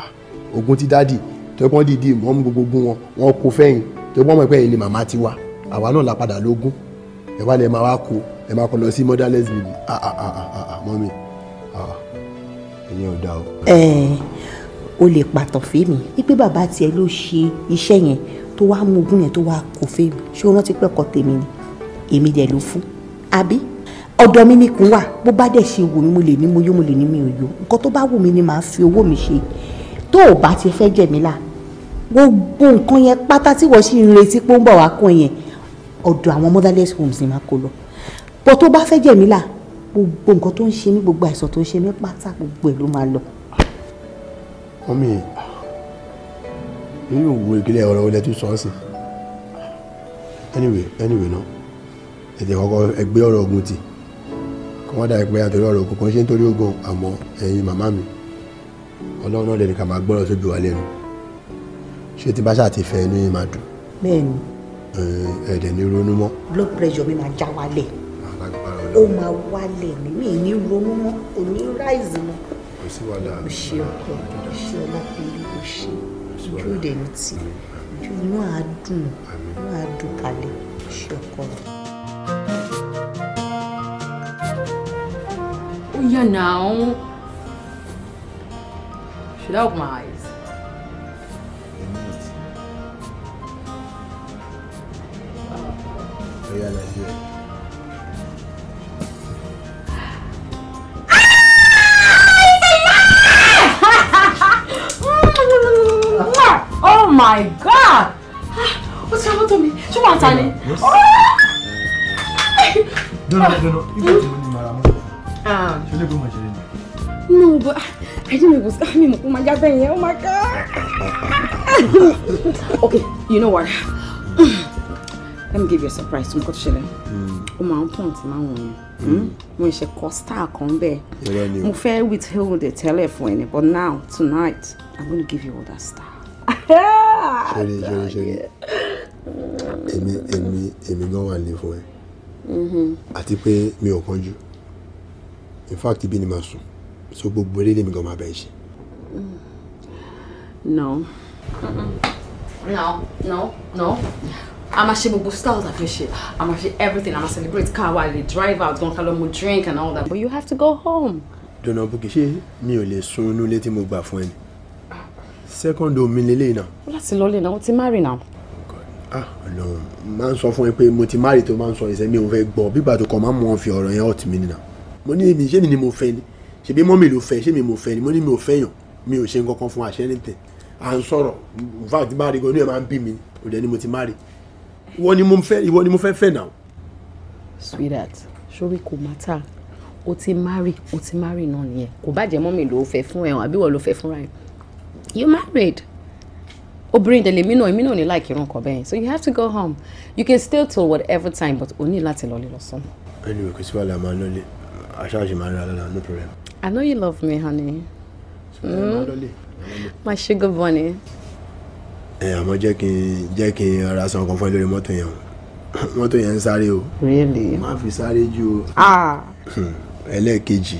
ah, ogún ti dádì tó pọ́n dìdí mọ́ mú gbogbo ogún wọn wọn kó fẹ́yìn tó pọ́n mọ̀ pé ẹ̀yin ni màmá ti wá àwa náà la padà lógún ẹ wá lẹ máa wá kó ẹ máa kọ lọ sí motherless baby ah ah ah ah ah mọ́ mi ah ìyẹn ah, ò dáa o. ẹ o lè pàtàn fèmí wípé bàbá tiẹ̀ ló ṣe iṣẹ́ yẹn tó wàá mú ogún yẹn tó wàá kó fèmí ṣé o rántí pẹ́kọ̀ tèmi ni èmi dẹ̀ ló fún àbí ọ̀dọ̀ mi nìkún wà bó bá dẹ̀ ṣe wù mí mo lè ní mo yó mo lè ní mi ò yó nǹkan tó bá wù mí ni màá fi owó mi ṣe tó o bá ti fẹ́ jẹ̀ là gbogbo nǹkan yẹn pátá tí wọ́n sì ń retí pé ó ń bọ̀ wá kún yẹn ọ̀dọ̀ àwọn motherless homes ni màá kó lọ bó tó bá fẹ́ jẹ̀ mí là gbogbo nǹkan tó ń ṣe mí gbogbo àìsàn tó ń ṣe mí pátá gbogbo ẹ̀ ló máa lọ. mọ́mí nínú ìwé ìpínlẹ̀ ọ̀rọ̀ ilẹ̀ tó sọ ọ́ sí anyway anyway náà. No? ètè kọ́kọ́ ẹgbẹ́ ọ̀rọ̀ ogun tì kọ́ wọ́n dà ẹ pé àtòrí ọ̀rọ̀ ogun kan ṣe nítorí ogun àmọ́ ẹ̀yin màmá mi ọlọ́run náà lẹ́nu ká máa gbọ́rọ̀ sójú wa lẹ́nu ṣé tí bá ṣáà ti fẹ́ inú yín máa dùn. bẹ́ẹ̀ni. ẹ̀ẹ́dẹ̀ ní ronú mọ́. blood pressure mi máa já wálẹ̀ ó máa wálẹ̀ mi mi ní ronú mọ́ kò ní ráìsì mọ́. kò sí wàhálà mi. òṣè ọkọ òṣè ọlákùnrin òṣè ojú òde tì ojú inú àádùn inú àádùn kalẹ̀ òṣè ọkọ rẹ̀. You know, now. Should I open my eyes? Oh yeah, like you. Oh my god! What's wrong with me? She wants to. No, no, no, no ṣọlẹ bó máa ṣẹlẹ̀ ni. no but ayé mi kò sáà mi mọ̀ kó máa yá bẹ́ẹ̀ yẹn oh my god. okay you know what let me give you a surprise nǹkan tó ṣẹlẹ̀ o máa ń pọ̀n tí máa ń wọ̀nyẹn mo ṣe kọ star kan bẹ́ẹ̀ mo fẹ́ withhold the telephone ẹni but now tonight i'm gonna give you all that star. ṣeré ṣeré ṣeré èmi èmi èmi gan wà ní fún ẹ mm-hmm. àti pé mi ò kánjú in fact ibi ni màá sùn so gbogbo eré lèmi gan máa bẹ̀ ṣe. Mm. no no no no a máa ṣe gbogbo styles àfi ṣe a máa ṣe everything a máa celebrate car wa le drive out gan kalọ́ mo drink and all that but you have to go home. dọ̀nà bùkì ṣé mi ò lè sun inú ilé tí mo gbà fún ẹ ni second omi lélẹ́yìn náà. láti lọ lè náà ó ti marry now ah Ọlọ́run máa ń sọ fún ẹ pé mo ti marry tó máa ń sọ ìṣẹ́ mi ò fẹ́ gbọ́ bíbà tó kàn máa ń mọ fi ọ̀rọ̀ yẹn ọ̀tí mi nìyà mo ní èmi ṣé mi ni mo fẹ́ ni ṣèbí mọ́mì ló fẹ́ ṣé mo fẹ́ ni mo ní mi ò fẹ́ mi ò ṣe nǹkan fún àṣẹ nítẹ̀ à ń sọ̀rọ̀ in fact má rí gan inú ẹ̀ máa ń bí mi ò dẹ̀ ni mo ti má rí ìwọ ni mo fẹ́ ìwọ ni mo fẹ́ fẹ́ náà. sweetheart sori kò mátà o ti marry o ti marry náà nìyẹn kò bá jẹ́ ló fẹ́ fún ẹ̀wọ̀n àbí wọ́n ló fẹ́ fúnra ẹ̀ you married obìnrin dẹ̀ lèmi náà èmi náà ní láìkí irun kan bẹ́ẹ̀ so you have to go home you can stay till whatever time but o ní láti lọ lé lọ sọ́nà. ẹni ìwé kò sí wàhálà máa ń lọ lé. I charge you, man. No problem. I know you love me, honey. Mm. My sugar bunny. ẹ àmọ́ jẹ́ kí n jẹ́ kí n ra san kan fún ẹ lórí mọ́tò o. really má fi sáré jù o. Ah! Hmm, ẹlẹ́ẹ̀kejì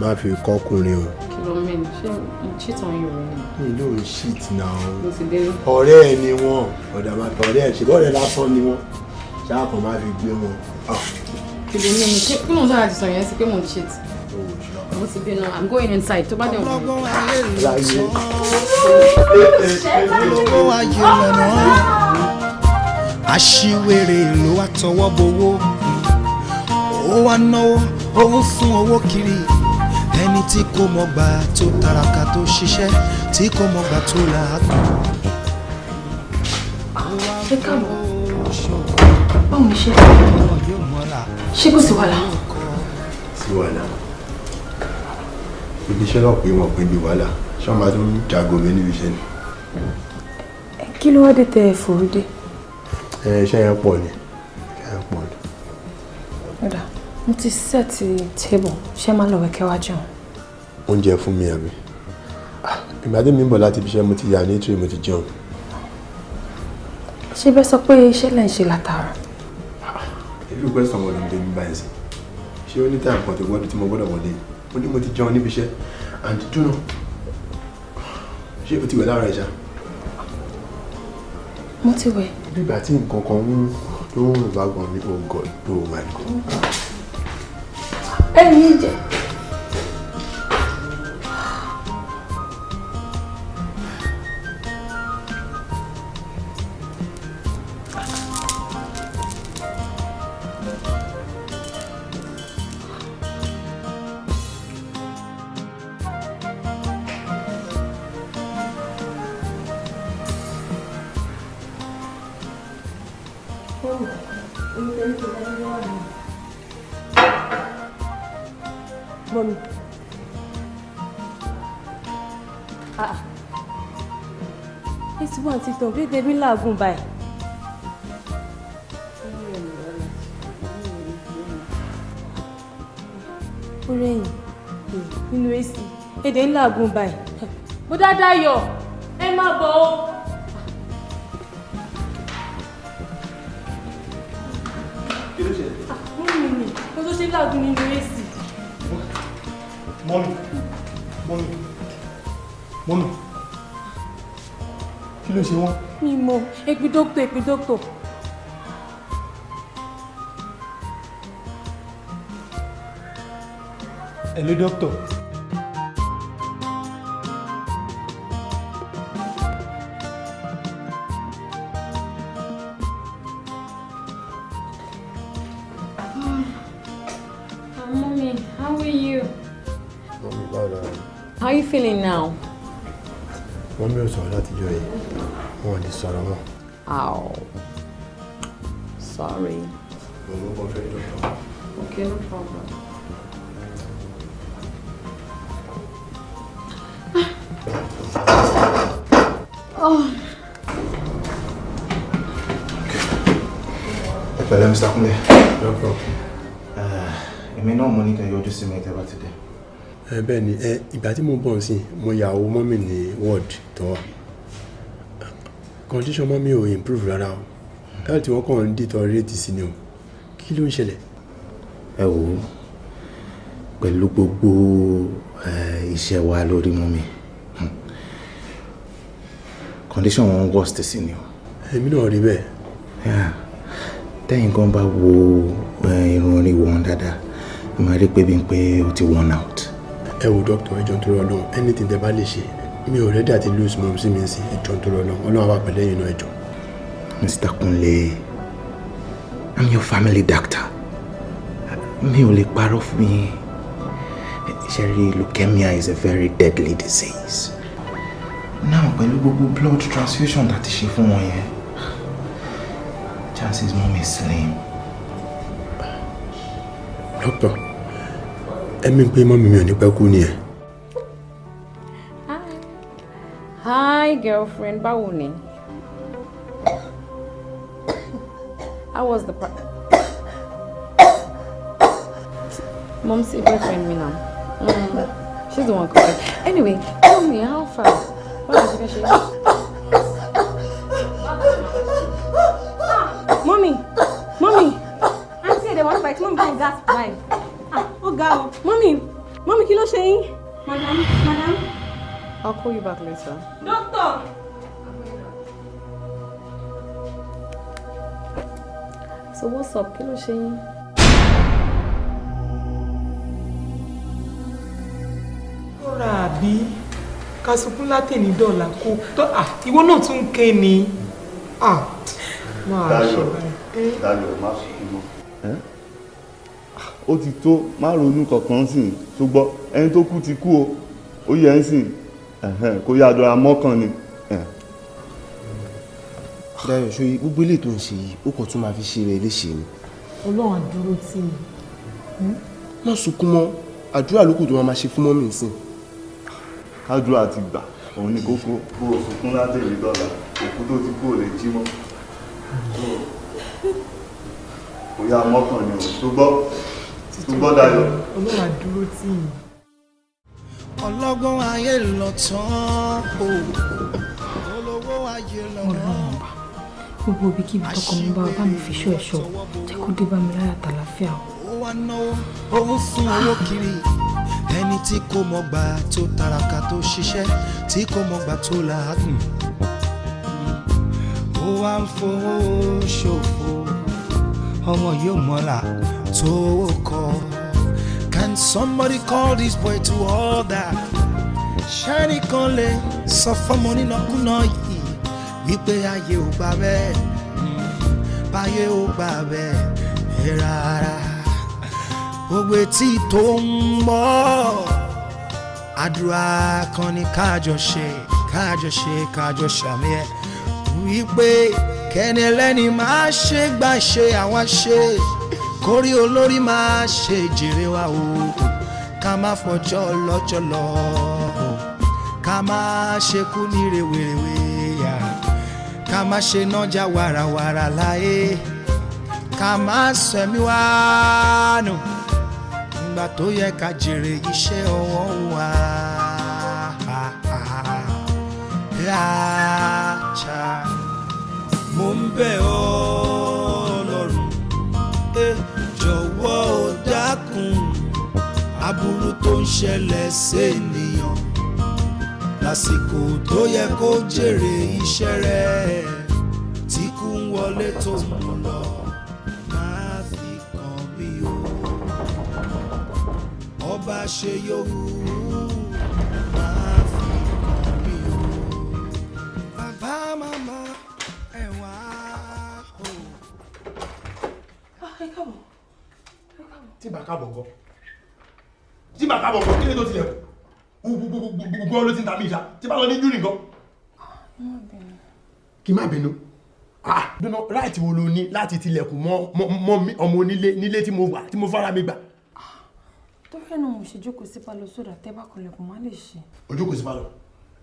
má fi kọ́kùnrin o. kí ló mean ṣé you cheat on you rẹ. mi ló ń cheat náà o ọ̀rẹ́ ẹ ni wọ́n ọ̀dà máa tọ̀ ọ̀rẹ́ ẹ ṣùgbọ́n ọ̀rẹ́ lásán ni wọ́n ṣáà kan má fi gbé Ah kìlì ní mi kí lóun sára ti sọ yẹn sí pé mò ń ṣe tì mo ti i'm going inside tó bá dẹ̀ wọ́n. ọlọ́gbọ́n ayé ló sọ ọlọ́gbọ́n ayé lọ́nà aṣiwèrè ló wá tọwọ́ bowó ó wá náwó ó ń fún owó kiri ẹni tí kò mọ̀gbà tó tàràkà tó ṣiṣẹ́ tí kò mọ̀gbà tó ṣé kò sí wàhálà. sí wàhálà ibi iṣẹ́ náà pé wọ́n pé bí wàhálà ṣé wọ́n máa tún jago mi níbi iṣẹ́ ni. kí ló wáá dé tẹ ẹ fòrú dé. iṣẹ́ yẹn pọ̀ ni iṣẹ́ yẹn pọ̀ ni. ọ̀dà mo ti sẹ́ẹ̀tì tébù ṣé máa lọ wẹ̀kẹ́ wá jẹun. oúnjẹ fún mi àbí ah, ìgbà tí mi ń bọ̀ láti ibi mo ti yà ní tìrì mo ti jẹun. ṣé bẹ́ẹ̀ sọ pé iṣẹ́ lẹ́ ṣe látara irú question wo ló mi báyìí sí ṣé ó ní time kan tó gbọ́dọ̀ tí mo gbọ́dọ̀ wọlé mo ní mo ti jẹun níbi iṣẹ́ and dúnà ṣé o ti wẹ̀ lára ẹja. mo ti wẹ̀. bíbá tí nǹkan kan ń tó ń rùn bá gan ni oh god oh my god. ẹ̀yin jẹ́. bí tèmi làágùn báyìí. ó rẹ̀yìn nínú èsì èdè ńlá àgùn báyìí. bó dáadáa yọ ẹ má bọ̀ ọ́. ló ṣe wọ́n. mi mọ èpì dókítà èpì dókítà. hello dókítà. Ah, mommy, how are you? how are you feeling now? wọ́n mi ò sọ̀rọ̀ látijọ́ yìí wọn ò lè sọ̀rọ̀ mọ́. aw sorry. mo mú kọ́ fẹ́ lọ́tọ̀. okay no problem. oh. ẹ pẹ̀lẹ́ mr kunle. no problem. Eh, èmi náà mo ní kí n yọjú sí mi tẹ́ bá ti dé ẹ bẹ́ẹ̀ ni ẹ ìgbà tí mo bọ̀ sí mo yàwó mọ́mì ní ward tó wà condition mọ́mì ò improve rárá o láti wọ́n kàn ń dìtọ̀ réètì sí ni o kí ló ń ṣẹlẹ̀. ẹ wò ó pẹ̀lú gbogbo iṣẹ́ wa lórí mọ́mì condition wọn worst sí ni o. èmi náà rí bẹ́ẹ̀. tẹ́yìn kan bá wo irun orí wọn dáadáa ẹ máa rí pé bí n pé ó ti worn out ẹ wo dókítà ẹ jọ̀ọ́ nítorí Ọlọ́run anything tẹ bá lè ṣe mi ò rẹ́dí àti lose mom sí mi sí ẹ jọ̀ọ́ nítorí Ọlọ́run Ọlọ́run àwa pẹ̀lẹ́ yìí náà ẹ jọ̀ọ́. Mr. Kunle I'm your family doctor mi ò lè parọ́ fún yín ṣẹ́rí leukemia is a very deadly disease now pẹ̀lú gbogbo blood transfusion láti ṣe fún wọn yẹn chances mom is slim. Doctor ẹ̀mí pé mọ́mí mi ò ní pẹ́ kú ni ẹ̀. hi girlfriend báwo ni how was the party. mom see boyfriend mi now mm, she's the one cooking anyway tell me how far báwo ni ṣe ṣe. mommy mommy aunty dey wan fight mommy don gas life ga o mọ́mí mọ́mí kí ló ṣe yín madam madam. I'll call you back later. Doctor. So what's up? Kí ló ṣe yín? Rọra àbí kasunkun láti ní dọ́là kó tó à ah, ìwọ náà tún ń ké ni. Dayo ah, Dayo eh? má sọ ó ti tó má ronú kankan sìn ṣùgbọ́n ẹni tó kú ti kú o ó yẹ ń sìn kó yá dọ́ra mọ́kàn ni. Dayọ̀ ṣoyí gbogbo ilé tó ń ṣe yìí ó kàn tún máa fi ṣe rẹ̀ léṣe ni. Ọlọ́run àdúró tì mí. Hmm? má sunkún mọ́ àdúrà lókù tó máa máa ṣe fún mọ́mì sìn. kádùá ti gbà òun ni kókó kó o sunkún láti èmi dọ́là òkú tó ti kú ò lè jí mọ́. kò yá mọ́kàn ni ò tó ṣùgbọ́n dayọ̀. ọlọ́wà dúró tì í. ọlọ́gbọ́n ayé lọ tán o olówó ayé lọ rán. gbogbo ibikíbi tọkọ mi bá bá mi fi ṣọ́ ẹ̀ṣọ́ jẹ́ kó dé bá mi láyà tàlàfíà o. ó wá náwó ó ń fún owó kiri ẹni tí kò mọ̀gbà tó taraka tó ṣiṣẹ́ tí kò mọ̀gbà tó làágùn ó wá ń fowó ṣòfò ọmọ yóò mọ́ra to call. Can somebody call this boy to order? Shani Kole suffer money nínú kùnà yìí wípé ayé ò gbà bẹ́ẹ̀ báyé ò gbà bẹ́ẹ̀ rárá. Gbogbo etí tó ń bọ̀ àdúrà kan ní kájọ ṣe kájọ ṣe kájọ ṣàmì ẹ̀ e. wípé kẹ́ni ẹlẹ́ni máa ṣe gbà ṣe àwọn ṣe kórí olórí máa ṣe jèrè wa o ká má fọjọ́ lọ́jọ́lọ́ ká má ṣekú ní rèwerèwe yá ká má ṣe nájà wàràwàrà láyé ká má sẹ̀mí wá nù ìgbà tó yẹ ká jèrè iṣẹ́ ọwọ́ wa. Racha, mo ń bẹ̀ ọ́. aburú tó ń ṣẹlẹ̀ sénìyàn lásìkò tó yẹ kó jèrè iṣẹ́ rẹ̀ tí kú ń wọlé tó mú lọ máa fi kàn mí ọba ṣe yòówù máa fi kàn mí o bàbá màmá ẹ̀ wá o. Ah, ẹ káàbọ̀ ẹ káàbọ̀. tí bàá káàbọ̀ gan tí bàtà bọ̀ bọ̀ kí ni tó tilẹ̀ kù gbogbo ló ti ń ta mí ìṣá tí bá lọ ní júlì nǹkan. kí má bínú dunu ah, ráìtì wo ló ní láti tilẹ̀kùn mọ́ ọmọ onílé nílé tí mo wà tí mo fara mi gbà. torí ẹnu mo ṣe jókòó sí palo sódà tẹ́ bá kọlẹ̀kùn má lè ṣe. o jókòó sí palo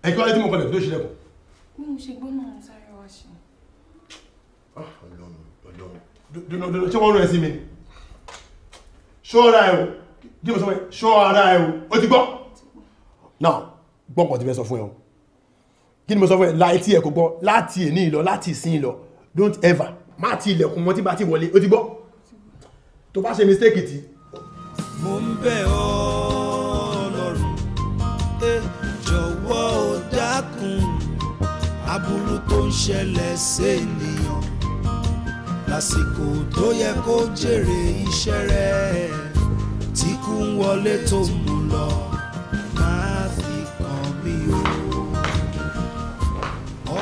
ẹ kí wọ́n lé tí mo kọlẹ̀kùn tó ṣílẹ̀kùn. bí mo ṣe gbọ́n náà sáré wá ṣe. Ah, ọlọ́run ọlọ́run dunu dunu ṣé wọ́n rún ẹ sí mi ṣọ́ra ẹ o kí mo sọ pé ṣọ́ ara ẹ̀ o ti gbọ́ now gbọ́pọ̀ ti fẹ́ sọ fún ẹ o kí ni mo sọ fún ẹ láti ẹ̀ kò gbọ́ láti èní ìlọ láti ìsìn ìlọ don't ever má ti ilẹ̀kùn mọ́ tí bá ti wọlé o ti gbọ́ tó bá ṣe mistake ti. mo ń bẹ̀ ọ́ ẹ jọ̀wọ́ ò dákun aburú tó ń ṣẹlẹ̀ séènìyàn lásìkò tó yẹ kó jèrè iṣẹ́ rẹ̀ tí kú ń wọlé tó mú lọ máa fi kàn mí o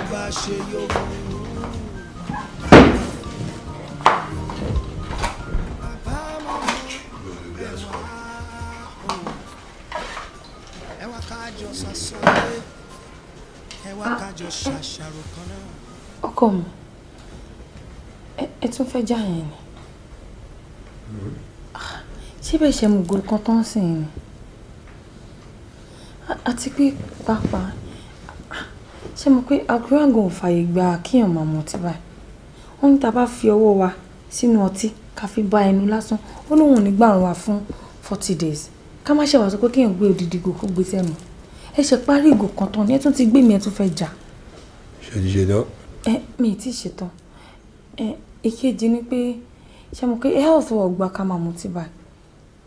ọba ṣe yóò. ọkọ mi ẹ tún fẹ́ jáyẹn ni. Mm-hmm síbẹ̀ ṣe mú gòrò kan tán sìn ni àti pé pàápàá ṣe mọ̀ pé àkúràgàn ò fààyè gba kíyàn máa mọ̀ ọtí báyìí ó ní ta bá fi ọwọ́ wa sínú ọtí ká fi bá ẹnu lásán ó lóun ò ní gbàrún wa fún forty days ká má ṣe wà sọ pé kéèyàn gbé odidi ìgò kó gbé sẹ́nu ẹ ṣe parí ìgò kan tán ni ẹ tún ti gbé mi ẹ tún fẹ́ jà. ṣe ti ṣetán. ẹ mi ì tí ì ṣetán ẹ ìkejì ni pé ṣe mọ̀ pé health wọ̀ gba ká máa mutí báyìí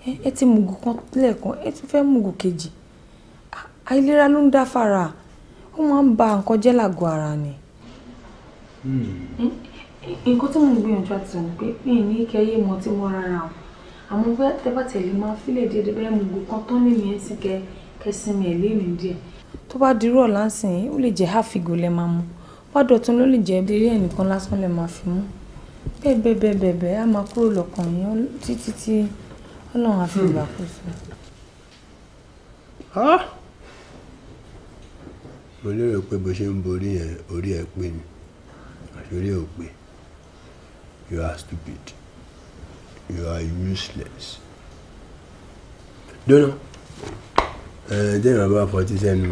ẹ ti mùgù kan lẹ́ẹ̀kan ẹ ti fẹ́ mùgù kejì àìlera ló ń dá fara ó máa ń ba nǹkan jẹ́ làgọ̀ ara ni. nǹkan hmm. tí mo ń gbìyànjú àti sọ̀rọ̀ pé mi ì ní kí ẹ yé mọ tí wọ́n rárá o àmọ́ bẹ́ẹ̀ tẹ́ bá tẹ̀lé máa fílẹ̀ déédéé bẹ́ẹ̀ mùgù kan tán lè mí ẹ sì kẹ kẹsìmí ẹ̀ léèmí díẹ̀. tó bá dirú ọ̀la ń sìn ó lè jẹ́ háfìgò lẹ máa mu bá dọ̀tún ló lè jẹ́ eré ẹnìkan lásán lẹ máa fi mú bẹ́ẹ̀ bẹ́ẹ̀ bẹ́ẹ̀ bẹ́ẹ̀ á máa kúrò lọ́kàn yín títí ọlọ́run àfi ìgbàkóso. Hmm. mo lérò pé bó ṣe ń borí yẹn orí ẹ pé ni àṣírí ò pé you are stupid you are useless. dóná ẹ̀ẹ́dẹ́gbẹ̀rún bá fọtí sẹ́nu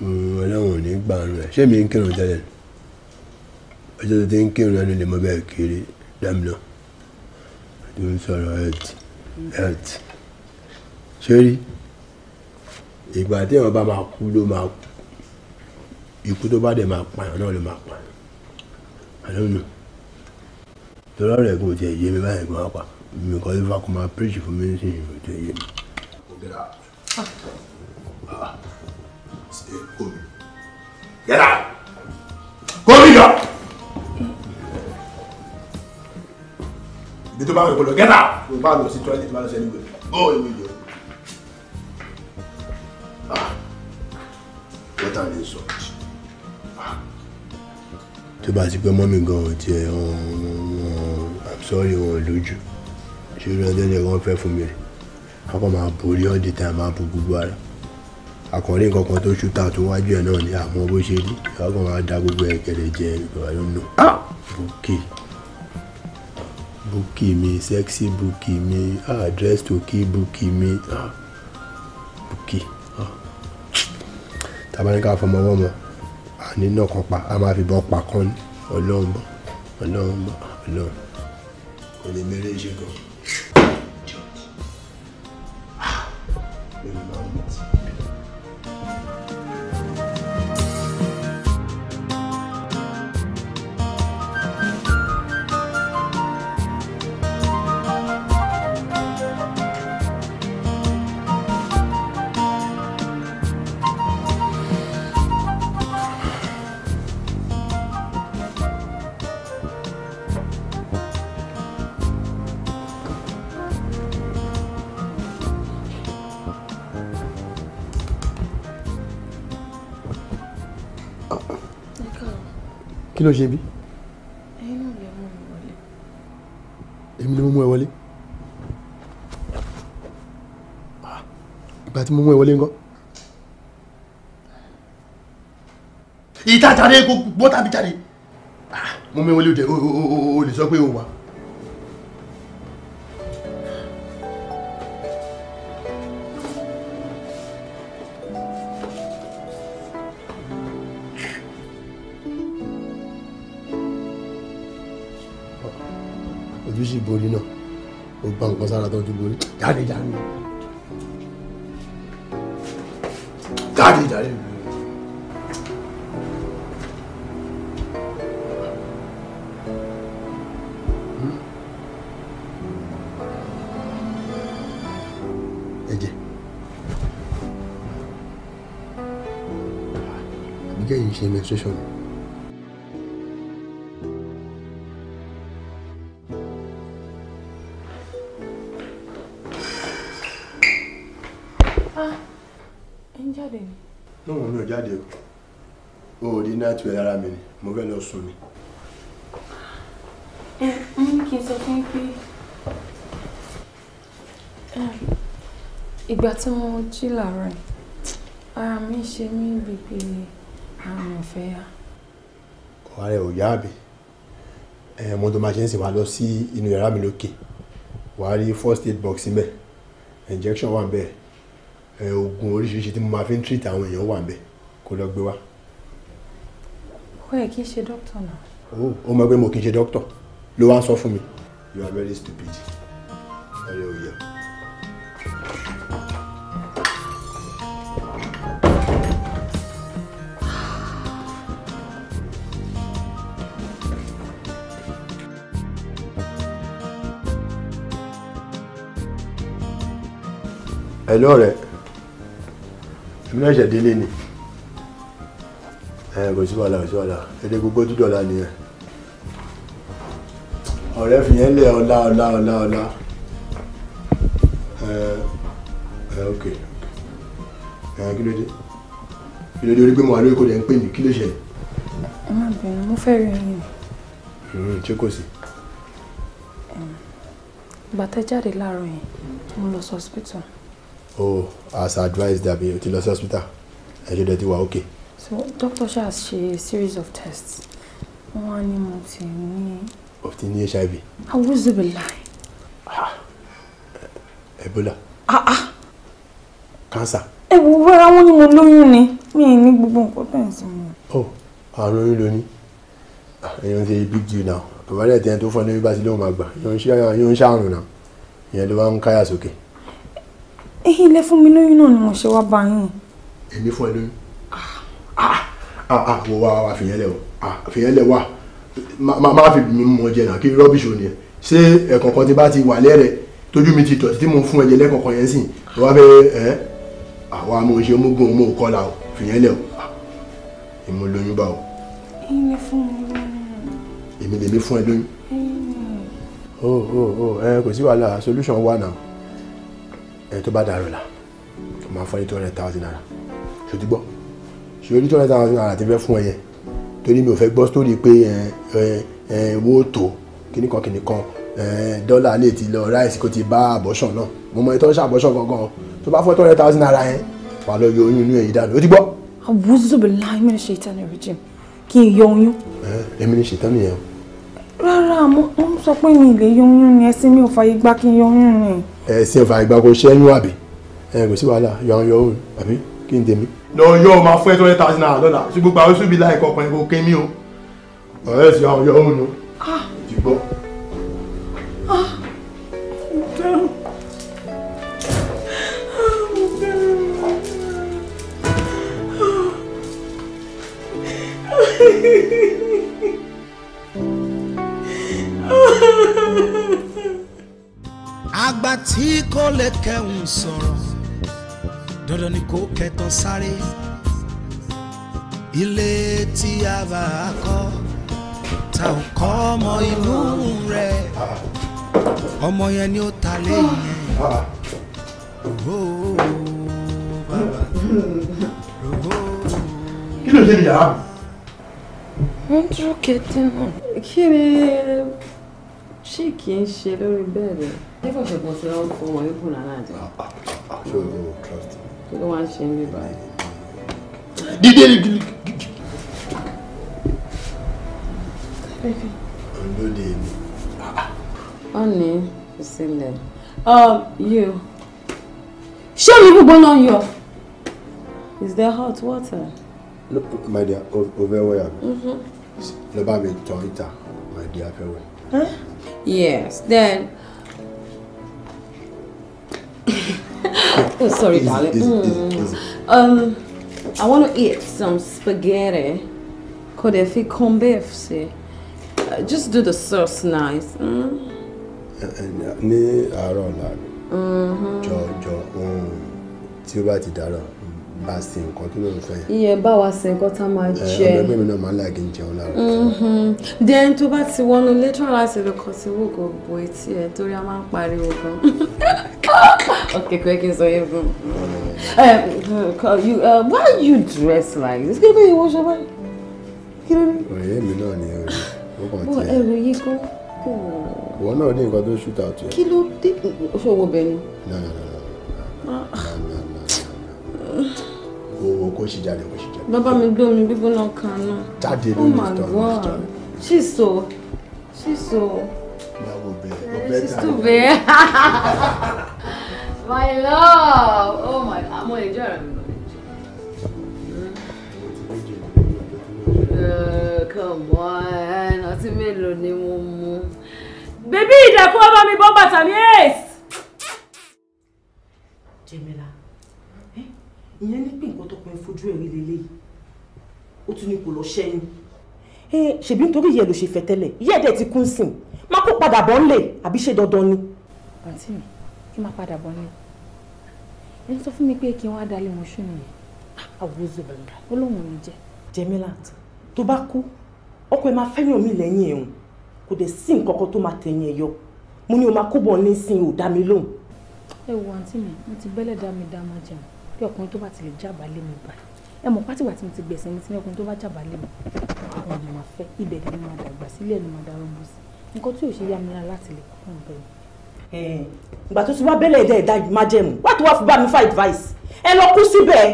mm, ọlọ́run ò ní gbàrún ẹ̀ ṣé mi ń kírun tẹ́lẹ̀ ni ọjọ́ tó ti ń kírun ẹni lè mọ bẹ́ẹ̀ kiri dámínà tó ń sọ̀rọ̀ ẹ̀tì health sórí ìgbà tí èèyàn bá máa kú ló máa kú ikú tó bá dẹ̀ máa pààyàn náà ló máa pààyàn àlónù torí ọ̀rọ̀ ẹ̀gbọ́n ò tiẹ̀ yé mi báyìí gan apá mi kọ́ ló fà kó máa preach fún mi nísìnyí ò tiẹ̀ yé mi. Gómìnà. ní tó bá wọ̀ ìpolówó gẹ́tà kò bá lọ sí tọ́lẹ́tì tó bá lọ sí ẹnìwé ó ìwé ìjọ. gẹ́tà lè sọ. tó bá ti pẹ́ mọ́mí gan-an tiẹ̀ I'm sorry wọn lójú ṣé ó lọ́jọ́ jẹ́ wọ́n fẹ́ fún mi rẹ̀ a kò máa borí all the time máa bu gbogbo ara àkànrí nǹkan kan tó ṣúta tó wájú ẹ̀ náà ni àmọ́ bó ṣe rí ìwà kan máa da gbogbo ẹ̀kẹ́rẹ́ jẹ ìgbà lónà. bókè. Okay búkì mi sexy búkì mi ah dress to kill búkì mi ah búkì ah tabaníkà fọmọwọ́mọ àní náà kan pa a máa fi bọ́ pa kan ọlọ́run bọ́ ọlọ́run bọ́ ọlọ́run kò ní mẹ́rẹ́ ṣe gan. kí ló ṣe bí. ẹ̀yin náà lè mú mi wọlé. èmi ló mú ẹ wọlé. Ah, ìgbà tí mo mú ẹ wọlé ńkọ́. ìta jáde kó bọ́tà mi jáde. Ah, mo mú ẹ wọlé o lè sọ pé o wà. 딸이랍니다. 딸이라 이게 이게 이 맺으셨네. Ah, ẹ ń jáde ni. lóhùn mi ò jáde o ò rí náà tiwẹ̀ lára mi ni mo fẹ́ lọ sùn ni. ẹ ń kí n sọ fún pé ìgbà tí mo jí làárọ̀ yìí ara mi ṣe mí bíi pé àrùn ọ̀fẹ́ yá. ọ̀rẹ́ rẹ̀ ò yá àbí mo tó máa ṣe ń sìn wá lọ sí inú yàrá mi lókè wàá rí first aid box níbẹ̀ injection wà níbẹ̀ oògùn oríṣiríṣi tí mo máa fi ń treat àwọn èèyàn wà ńbẹ̀ kó lọ gbé wá. ó yẹ kí n ṣe dókítà náà. ó mọ̀ pé mo kì í ṣe dókítà ló wá ń sọ fún mi you are very stupid ọ̀rẹ́ òye. hello ọ̀rẹ́ èmi náà ṣẹ̀ délé ni ẹ kò sí wàhálà kò sí wàhálà èdè gbogbo dúdọ̀ la nìyẹn ọ̀rẹ́ fi yẹn lé ọ̀la ọ̀la ọ̀la ọ̀la ẹ ẹ ok ẹ kí ló dé kí ló dé orí pé mo wà lórí kò dẹ̀ ń pè mí kí ló ṣe. ẹ má bẹ̀rẹ̀ mo fẹ́ rí yín. Hmm, ṣé kò sí. bàtẹ́ jáde láàárọ̀ yẹn mo lọ sọ hospital oh as advised àbí o ti lọ sí hospital ẹjọ́ dẹ̀ ti wà okay. so doctor has ṣe series of tests wọ́n wá ní mo ti ní. o ti ní hiv. awúzùbìlà. ebola. ah ah. cancer. ẹ wo rárá wọn ni mo lóyún ni mi ì ní gbogbo nǹkan bẹ́ẹ̀ sí mi. oh àrùn oyún ló ní èèyàn ti big deal now bàbá dẹ̀ tẹ́ tó fọ́ ní bí bá ti lóun máa gbà yóò ń ṣàrùn náà ìyẹn ló bá ń káyà sókè ẹ̀yin ilé fún mi lóyún náà ni mo ṣe wá bá yín. èmi fún ẹ lóyún àwọ̀ ah, ah, ah, wa wà fìyẹ́lẹ̀ o fìyẹ́lẹ̀ wà má fi mi mú ọjẹ́ náà kí rọ́bìṣì ò ní ẹ ṣé ẹ̀kọ̀ọ̀kan ti bá ti wà lẹ́rẹ̀ tójú mi ti tọ̀ tí mo fún ẹ̀jẹ̀ lẹ́kọ̀ọ̀kan yẹn sìn wá fẹ́ ẹ́ àwa mo ṣe mú gún mo kọ́la o fìyẹ́lẹ̀ o èmi lóyún bá o. èmi fún mi lóyún. èmi lèmi fún ẹ lóyún. o o o ẹ kò sí wàhálà solution wà náà ẹ tó bá dàrọ̀ la máa fọ́ ní two hundred thousand naira ṣòtú gbọ́ ṣe orí two hundred thousand naira ti fẹ́ fún ẹ yẹn torí mi ò fẹ́ gbọ́ sórí pé ẹ ẹ wo tó kíníkan kíníkan dọ́là lè ti lọ ráìsì kó ti bá àbọ̀ṣàn náà mo mọ ìtọ́ àbọ̀ṣàn gangan tó bá fọ́ two hundred thousand naira yẹn wà lọ yọ oyún inú ẹ̀yìn dànù ó ti gbọ́. àwùjọ bẹ̀ láì mẹ́rin ṣe ìtàn ìrìjì kí n yọ oyún. èmi ni ṣètàn nìyẹn. rárá mo ń sọ pé mi ì lè yọ oyún ni ẹsìn mi ò fààyè gbà kí n yọ oyún ni ẹ̀sìn ọ̀fà ìgbà kò ṣẹ́yún àbí ẹ̀ kò sí wàhálà yọ àwọn yọ̀ọ́ àbí kí n tèmi. lọ yọ máa fún ẹ twenty thousand naira lọ́la ṣùgbọ́n gbàgbé ṣùgbọ́n bí láìkọ ọkùnrin kò kémi o ọ̀rẹ́ ẹ̀sìn àwọn yọ̀ọ́ nù. ti gbọ́. ń sọ̀rọ̀ dandan ni kò kẹtàn sáré ilé tí a bá kọ́ ta ò kọ́ ọmọ inú rẹ̀ ọmọ yẹn ni ó ta lé yẹn kí ló ṣe ní wọ́n dúró kété náà kí ni ṣé kì í ṣe lórí bẹ́ẹ̀rẹ̀ nígbà tó bọ̀ sí ọ̀hún fún wọn ikú náà jẹ́. Ah, ah, ah, trust me. kí ló wá ń ṣe ń bí báyìí. dídé dídé. olóde mi. ó ní ìsinlẹ̀ um, yìí o ṣé omi gbígbóná yọ. is there hot water. no my dear o fẹ́ wẹ̀ yà mí. Mm-hmm. lọ bá mi tọ́ ìta my dear fẹ́ wẹ̀. Yes. Then. oh, sorry, easy, darling. Easy, mm. easy, um, I want to eat some spaghetti. Could if it e come beef, uh, see? Just do the sauce nice. Mm. Eh, eh, ní aro ọ̀la Mhm. jọ ohun tí ó bá ti dárọ̀ bá ṣe nǹkan tó lóun fẹ́. iye bá wa ṣe nǹkan tá a máa jẹ. ọmọ ẹgbẹ́ mi náà máa ń láàgì jẹun lára. then tó bá ti wọnú lẹ́tọ̀ láti lọ kàn sí wògò bo etí ẹ̀ torí a máa ń pariwo gan. okay kò yẹ kí n sọ yẹn fún un. why you dress like this kí ló dé ìwọ ṣe báyìí. ọ̀rẹ́ mi náà ni ẹ̀rọ ó kàn tiẹ̀. ẹ̀rọ yìí kọ́ ìwọ náà ní nǹkan tó shoot out yẹn. kí ló dé ṣòwò bẹ́ẹ̀ ni. no no kó kó ṣe jáde kó ṣe jáde. bàbá mi gbómi gbígbóná kan náà. jáde ló ní ìtọ́nù ìtọ́nù. ṣìṣọ ṣìṣọ. báwo bẹ́ẹ̀ ọbẹ̀ tà ní. bẹ́ẹ̀ my love oh my god mo lè jọ mi eh, come on ọtí mélòó ni mo mú. bèbí ìdẹ̀kùn ọba mi bọ́ bàtà mi ace. Jemila ìyẹn ní pé nǹkan tọkùnrin fojú ẹ̀rí lélẹ́yìí ó tún ní kò lọ ṣẹ́yìn. ẹ ṣèbí nítorí ìyẹn ló ṣe fẹ́ tẹ́lẹ̀ ìyẹn dẹ̀ ti kún sìn má kó padà bọ̀ ńlẹ̀ àbí ṣe dandan ni. àǹtí mi kí n máa padà bọ̀ ńlẹ̀ ẹ sọ fún mi pé kí n wá dalẹ̀ wọn ṣùn nìyẹn ah, àwòzò bàbá ó lóun ò ní jẹ. jẹ́mílà tó bá kú ọkọ ẹ máa fẹ́yàn mi lẹ́yìn ẹ̀hún kò dẹ̀ sí nǹkan kan tó máa tẹ̀yìn ẹ̀ yọ mo ní o máa kó bọ̀ nísìnyí ò dá mi lóhùn. ẹ wo pé ọkùnrin tó bá ti lè jábàá lé mi bá ẹ mọ̀ pátìwà tí mo ti gbẹ̀sẹ̀ mi ti ní ọkùnrin tó bá jábàá lé mi ọkùnrin ni màá fẹ́ ibẹ̀ ni mo máa dàgbà sílẹ̀ ni mo máa darọ́ bó sí nǹkan tí ò ṣe yá mi lára láti lè kúrò bẹ́ẹ̀ ni. ìgbà tó ti wá bẹ́lẹ̀ ẹ̀dá ẹ̀dá má jẹ̀mú wá tó wá fi bá mi fa advice ẹ lọ kú síbẹ̀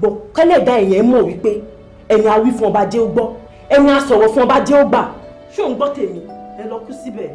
gbọ́ kẹ́lẹ̀ ẹ̀dá ẹ̀yẹn mọ̀ wípé ẹni awí fún ọba jẹ́ ó gbọ́ ẹni asọ̀rọ̀ fún ọba jẹ́ ó gbà ṣé òun gbọ́ tèmi ẹ lọ kú síbẹ̀.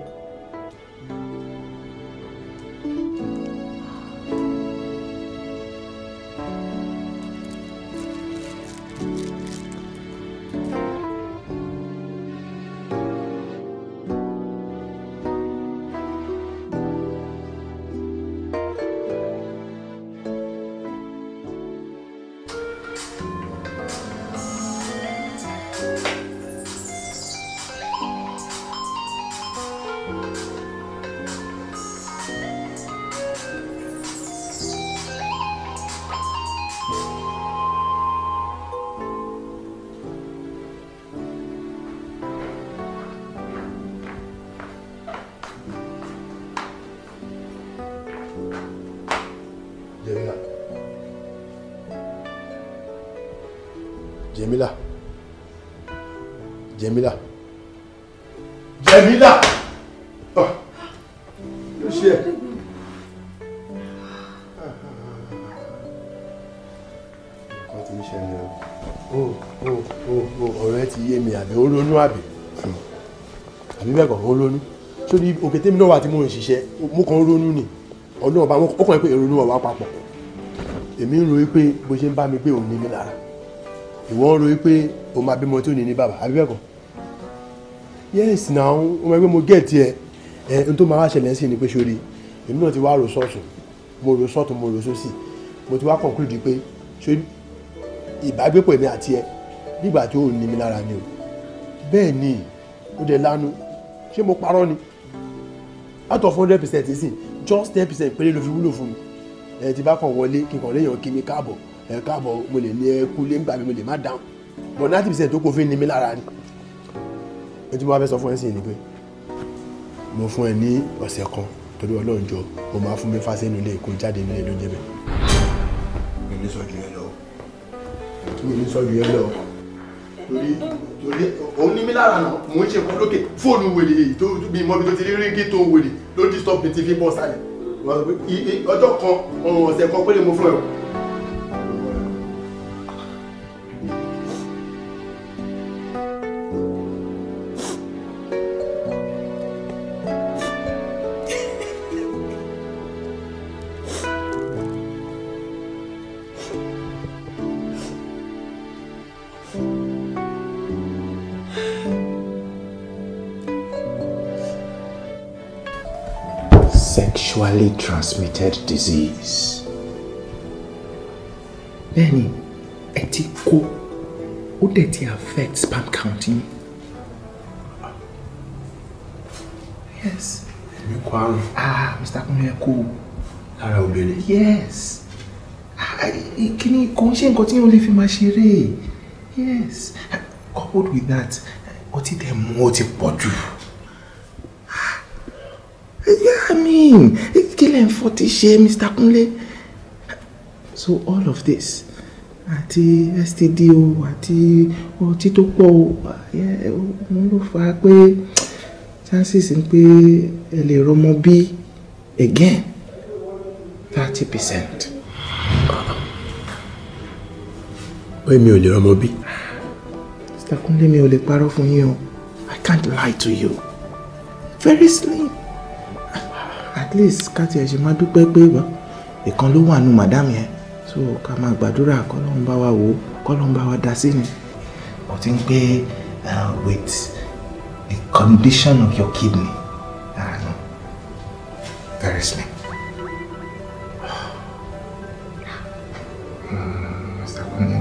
òkè tèmi náà wà tí mo ń ṣiṣẹ́ mo kàn ń ronú ni ọdún ọba ó kàn ń pè ronú ọba papọ̀ èmi ń ro pé bó ṣe ń bá mi gbé òun ní mi lára ìwọ ń ro pé o máa bímọ tí ò ní ní bàbá àbí bẹ́ẹ̀ kọ́ yes na o mọ̀ pé mo gẹ̀ẹ́tì ẹ ẹ n tó máa wá ṣẹlẹ̀ sí ni pé ṣorí èmi náà ti wá rò sọ́ọ̀tún mo rò sọ́ọ̀tún mo rò sósì mo ti wá conclude pé ṣé ìbágbépọ̀ èmi àti ẹ nígbà tí ò ní mi lára ni o bẹ́ẹ̀ ni ó dẹ̀ lánàá ṣé mo parọ́ ni out of hundred percent sísìn just ten percent péré ló fi wúlò fún mi ẹ ti bá kàn wọlé kí n kàn léèyàn kí mi káàbọ̀ ẹ káàbọ̀ mo lè ní ẹ kú lé nígbà mi mo lè má dáhùn but ninety percent tó kò fi ní mi lára ni ojú mo wá fẹ́ sọ fún ẹ sí ni pé mo fún ẹ ní ọ̀sẹ̀ kan torí ọlọ́run jọ o máa fún mi fásẹ́nu ilé kó jáde nílé ló jẹ́ bẹ́ẹ̀. mi ò ní sọ ju yẹn lọ. mi ò ní sọ ju yẹn lọ torí torí òun ní mí lára náà mò ń ṣe kọ́ lókè fóònù wèrè èyí tó bí mọ́bí tó ti rí ríngì tó wèrè ló disturb mi ti fi bọ́ sálẹ̀ ọjọ́ kan ọ̀sẹ̀ kan péré mo fún ẹ o. inherited disease. Bẹ́ẹ̀ni, ẹ ti kó ó dẹ̀ ti affect sperm County? Yes. Èmi kọ àrùn. Ah, Mr. Kunle kó Lára obìnrin. Yes. Ah, Kíni kò ń ṣe nǹkan tí wọ́n lè fi máa ṣeré. Yes. Coupled with that, ọtí tẹ mú ó pọ̀ jù. Ah, yeah, I mean, kílẹ̀ ń ṣe Mr. Kunle so all of this àti std o àti ọtí tó pọ̀ o òun ló fà á pé chances ń pé ẹ lè rọmọ bí again thirty percent. bẹ́ẹ̀ mi ò lè rọmọ bí. Mr. Kunle mi ò lè parọ́ fún yín o I can't lie to you very slim least ká tiẹ̀ ṣe máa dúpẹ́ pé ìkan ló wà nù màdámù yẹn so ká máa gbàdúrà kọ́lọ́n bá wa wò kọ́lọ́n bá wa dá sí ni. mo ti ń gbé uh, with the condition of your kidney ah, no. very slim. Hmm,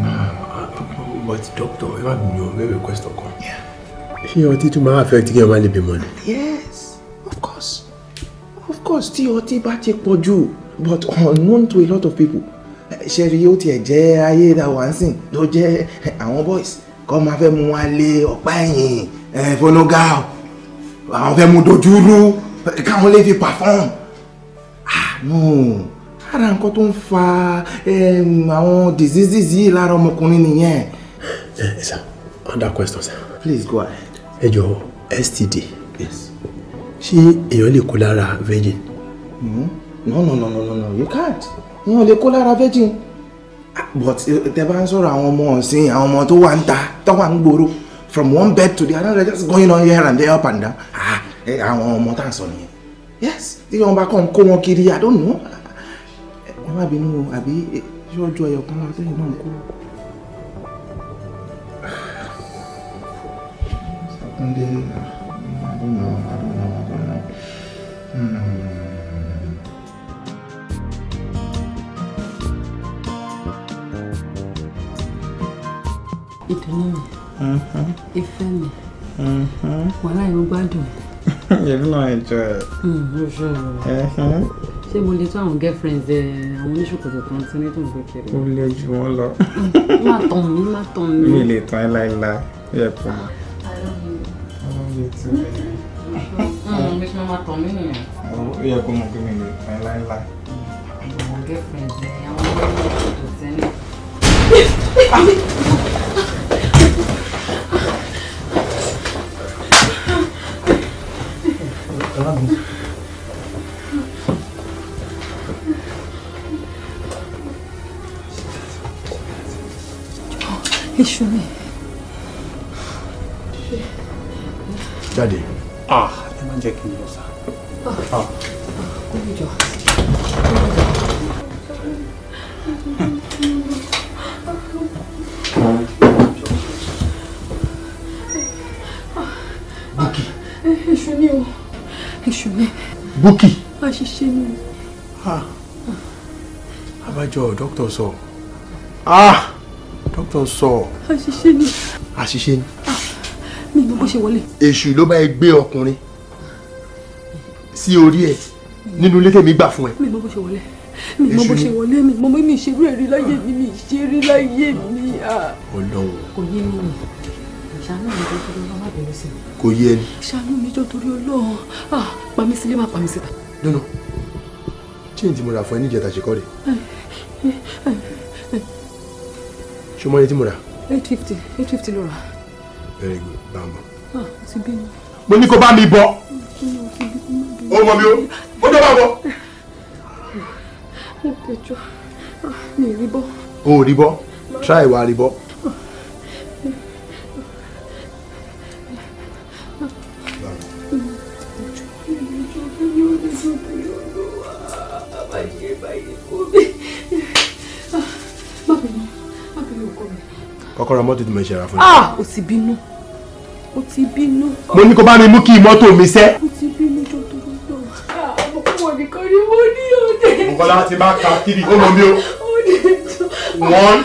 but doctor ẹ má gbìyànjú mẹ́rin request ọkàn. ṣé ọtí tún máa affect kí ẹ má lè bímọ ni. yes course tí ọtí bá ti pọ̀ jù but unknown to a lot of people ṣẹ́rí ó tiẹ̀ jẹ́ ayé that one thing tó jẹ́ àwọn boys kọ́ máa fẹ́ mu wá lé ọ̀pá ẹ̀yìn fọnúgà àwọn fẹ́ mu dojúrú káwọn lè fi perform ah no ara nǹkan tó ń fa àwọn diseases yìí lára ọmọkùnrin nìyẹn. ẹ eh, ẹ eh, sir under question sir. please go ahead. ẹ jọ std. yes ṣé èèyàn lè kó lára virgin. Hmm? no no no no no you can't èèyàn lè kó lára virgin ah, but eh, tẹ bá ń sọ̀rọ̀ àwọn ọmọ ọ̀sìn àwọn ọmọ tó wà ń ta tó wà ń gbòòrò from one bed to the other just going on here and there up and down ah eh, àwọn ọmọ tá à ń sọ nìyẹn yes tí wọn bá kàn ń kó wọn kiri i don't know ẹ má bínú o àbí eh, ṣé ọjọ́ ẹyọ kan lára tẹ́yìn náà ń kó. Sunday, ah, I don't know. ìdùnnú mi mm-hmm. ìfẹ́ mi mm-hmm. wàhálà ìwọ gbádùn ẹ. èmi náà ẹjọ ẹ. ṣé mo lè tó àwọn girlfriends ẹ eh, àwọn oníṣòkòtò kan tí ní tòun kékeré. ó lè jù wọn lọ. Mm-hmm. má tàn mí má tàn mí. mi lè tàn ẹ́ láéláé yẹ kó mọ. mi ṣe máa tàn mí nìyẹn. ó yẹ kó mọ pé mi lè tàn ẹ́ láéláé. àwọn girlfriends ẹ àwọn oníṣòkòtò tẹ́lẹ̀. Ah! Iṣu Jáde. Ah, ẹ má jẹ́ kí n lọ sá. Ah. ah Kúrò jọ. ni o èṣù ni. búkì. àṣìṣe ni o. àbájọ dókítà sọ dókítà sọ. àṣìṣe ni. àṣìṣe ni. mi ò mọ bó ṣe wọlé. èṣù ló bá ẹ gbé ọkùnrin sí orí ẹ nínú ilé tèmi gbà fún ẹ. mi ò mọ bó ṣe wọlé mi mọ bó ṣe wọlé mi mọ mi ṣerú ẹ rí láyé mi mi ṣe láyé mi. Ọlọ́run kò yé mi ṣàánú mi tó torí ọlọ́run àbẹ̀rẹ̀ sí mi. kò yé ẹni. ṣàánú mi tó torí ọlọ́run ah, pa mí sílé má pa mí síta. lọ́nà chain tí mo rà fún ẹ níjẹta ṣe kọ́ rẹ̀. ṣé o mọ iye tí mo rà. eight fifty eight fifty ló rà. very good bá a bọ̀. Ah, mo ní kó bá mi bọ̀. o mọ mi o ó dọ́ bá bọ̀. mo ah, mi ì rí bọ́. o ò rí bọ́ try wa rí bọ́. kọ́kọ́rọ́ mọ́tò tí mo ṣe ra fún mi. ah o ti bínú o ti bínú. mo ní kó bá mi mú kí mọ́tò mi sẹ́. o ti bínú jọ ah, ọmọ kúmọ̀ nìkan ni mo ní òde. Bùkọ́lá ti bá ka kiri ó mọ eh, eh, mi o. òde tó. wọ́n.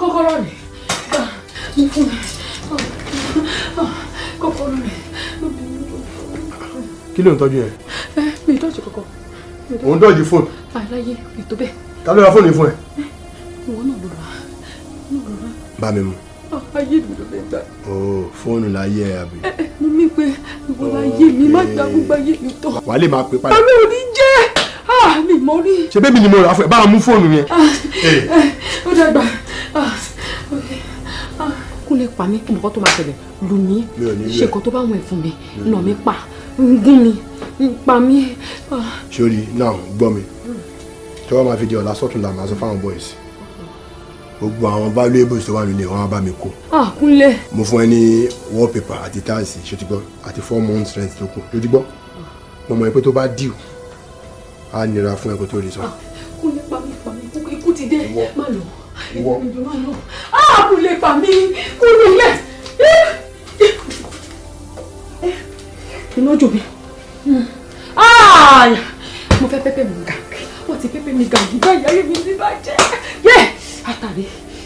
kọ́kọ́rọ́ rẹ̀ gbà mú fún mi kọ́kọ́rọ́ rẹ̀. kí ló ń tọ́jú ẹ. Eh, mi ì dọ́jú kọ̀kọ́. òun dọ́jú fóònù. àlàyé ètò bẹ́ẹ̀. ta ló ra fóònù yìí fún ẹ bá mi mu. Ah, ayé mi ló fẹ́ gbà. ooo fóònù la yẹ ẹ àbí. Eh, eh, mo mí pé ìwọ la yé mi má gba gbogbo ayé mi tọ. wà á lè máa pè padà. àmì ò ní jẹ́ ah, mi mọ rí. ṣé bébí ni mo rà fún ẹ bá a mú fóònù yẹn. Ah, eh. ó dàgbà kúnlẹ̀ pa mí kí nǹkan tó máa ṣẹlẹ̀ lù mí ṣe nǹkan tó bá wọn ẹ̀ mi nà mí pa ń gún mi ń pa mí. sori now gbọ́ mi hmm. tí wọ́n máa fi di ọ̀la sọ́tún la máa sọ fáwọn boys gbogbo àwọn valuables tó wà nílé wọn bá mi kó. ah kúnlẹ̀. mo fún ẹ ní wallpaper àti tiles ṣètìgbọ́ àti four months rent tó kù lójúgbọ́ mo mọ̀ pé tó bá dìú á nira fún ẹ kó tó rí sọ. Ah, kúnlẹ̀ pa mí pa mí ikú ti dé má lọ ìdùnnú má lọ ah kúnlẹ̀ pa mí kúnlẹ̀ iná jò mí mo fẹ́ pépé mi gàgì wọ́n ti pépé mi gàgì báyìí ayé mi ti bàjẹ́ yẹ́ẹ̀ àtàrí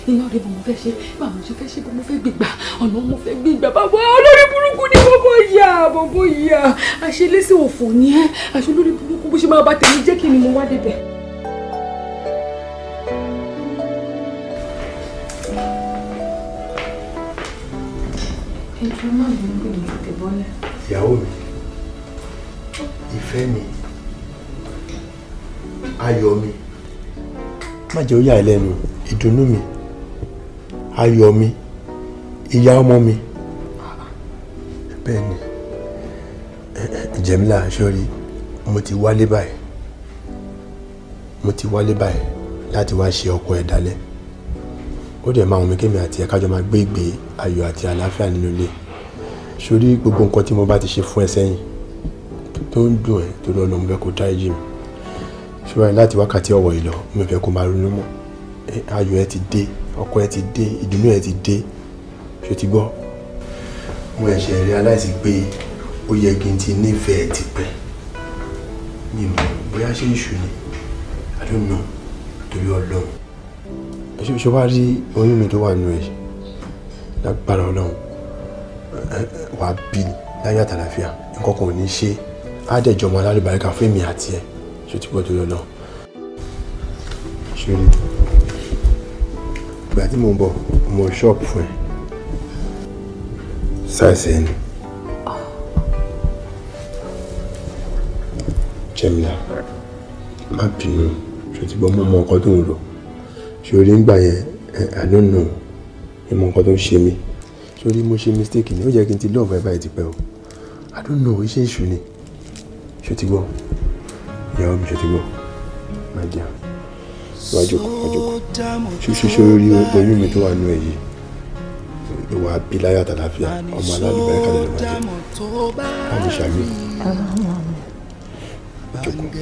iná rẹ bó mo fẹ́ ṣe bá mo ṣe fẹ́ ṣe bó mo fẹ́ gbégbà ọ̀nà mo fẹ́ gbégbà bàbá olórí burúkú ni bàbá ìyá bàbá ìyá àṣelẹ́sẹ̀ òfò ni ẹ́ àṣẹ olórí burúkú bó ṣe máa bá tèmi jẹ́ kí ni mo wá débẹ̀. ẹjọ́ má bínú pé mi tètè bọ́lẹ̀. ìyàwó mi ìfẹ́ mi ayọ̀ mi má jẹ́ ó yà ẹ́ ìdùnnú mi ayọ̀ mi ìyá ọmọ mi bẹ́ẹ̀ ni Jẹ́mílà sọ́rí mo ti wálé báyìí mo ti wálé báyìí láti wá ṣe ọkọ ẹ̀ dálẹ́ ó dẹ̀ máa wù mí kémi àti ẹ̀ka jọ máa gbé ìgbé ayọ̀ àti àlàáfíà nínú ilé sórí gbogbo nǹkan tí mo bá ti ṣe fún ẹ sẹ́yìn tó ń dùn ẹ́ torí ọlọ́run fẹ́ kó dá ẹ̀jì mi ṣùgbọ́n láti wákàtí ọ̀wọ̀ yìí lọ mi fẹ́ kó máa ronú mọ́ ayọ̀ ẹ ti dé ọkọ ẹ ti dé ìdùnnú ẹ ti dé ṣó ti gbọ́ mo ẹ̀ṣẹ̀ realize pé ó yẹ kí n ti nífẹ̀ẹ́ tipẹ́ mi mọ̀ bóyá ṣe ìṣù ni I don't know torí ọlọ́run ṣe wá rí oyún mi tó wà nínú ẹ̀ lágbára ọlọ́run wà á bí láyé àtàlàfíà nǹkan kan ò ní ṣe á dẹ̀ jọmọ alálùbáríkà fún èmi àti ẹ̀ ṣe ti gbọ́ torí ọlọ́run ṣe ni ìgbà tí mo ń bọ̀ mo ṣọ́ọ̀pù fún ẹ sáìsì ẹni Jẹ́mílà má bínú ṣòtí bọ́ mo mọ ọkọ tó ń lò ṣòrí ń gbà yẹn I don't know ìmọ̀ nǹkan tó ń ṣe mí ṣòrí mo ṣe mistake ni ó jẹ́ kí n ti lọ́ọ̀fù ẹ̀ báyìí ti pẹ́ o I don't know iṣẹ́ ìṣù ni ṣòtí gbọ́ ìyàwó mi ṣòtí gbọ́ má jẹun wá jókòó wá jókòó ṣoṣoṣo rí oyún mi tó wà nù èyí ìwà abiláyà tàlàfíà ọmọ alálùbáyé kálẹ̀ lọ́wọ́ jẹ́ àmì ṣàmì jókòó. Ọlọ́run máa ń dùn wá.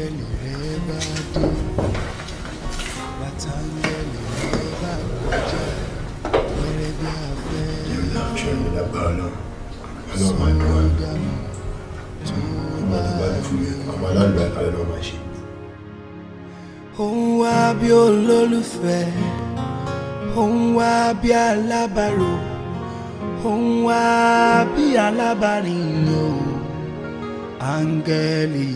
Ọmọ alálùbáyé kálẹ̀ lọ́wọ́ máa ṣe òun wá bí olólùfẹ́ òun wá bí alábàárò òun wá bí alábàárìn o áńgẹ́lì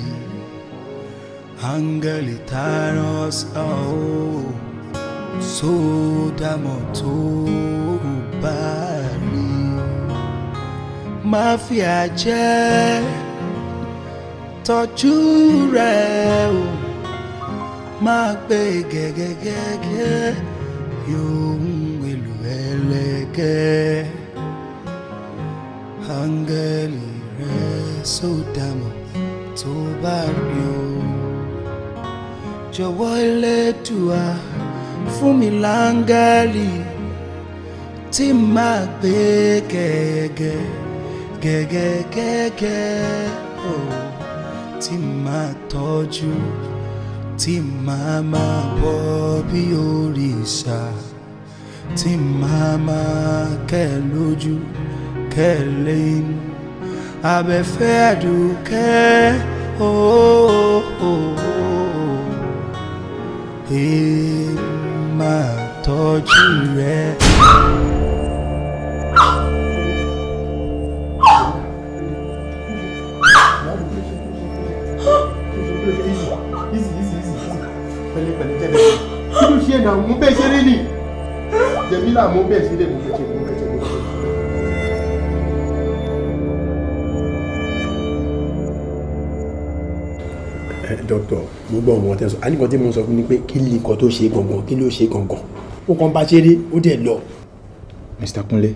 áńgẹ́lì tààràn sàn o sódàmọ̀ tó bá rí máfíà jẹ́ tọ́jú rẹ̀ o máa gbé gẹ́gẹ́gẹ́gẹ́ yòówù èlò ẹlẹ́gẹ́ áńgẹ́lì rẹ sódàmọ̀ tó bá rí o jọ̀wọ́ Elédùà fún mi láńgẹ́lì tí máa gbé gẹ́gẹ́ gẹ́gẹ́gẹ́gẹ́ o oh, tí máa tọ́jú tí màá máa bọ bí òrìṣà tí màá máa kẹ́ lójú kẹ́ lẹ́yìn abẹ́fẹ́ àdùkẹ́ ooo èèmà tọ́jú rẹ̀. bẹ́ẹ̀ náà mú bẹ́ẹ̀ ṣeré nì Jẹ̀mílà mú bẹ́ẹ̀ ṣeré mú bẹ́ẹ̀ ṣeré mú bẹ́ẹ̀ ṣeré. mo gbọ́ ọ̀wọ́n tẹ́sán a ní kan tí mo sọ fún ni pé kí ni nǹkan tó ṣe gangan kí ló ṣe gangan ó kàn bá ṣeré ó dẹ̀ lọ. Mr. Kunle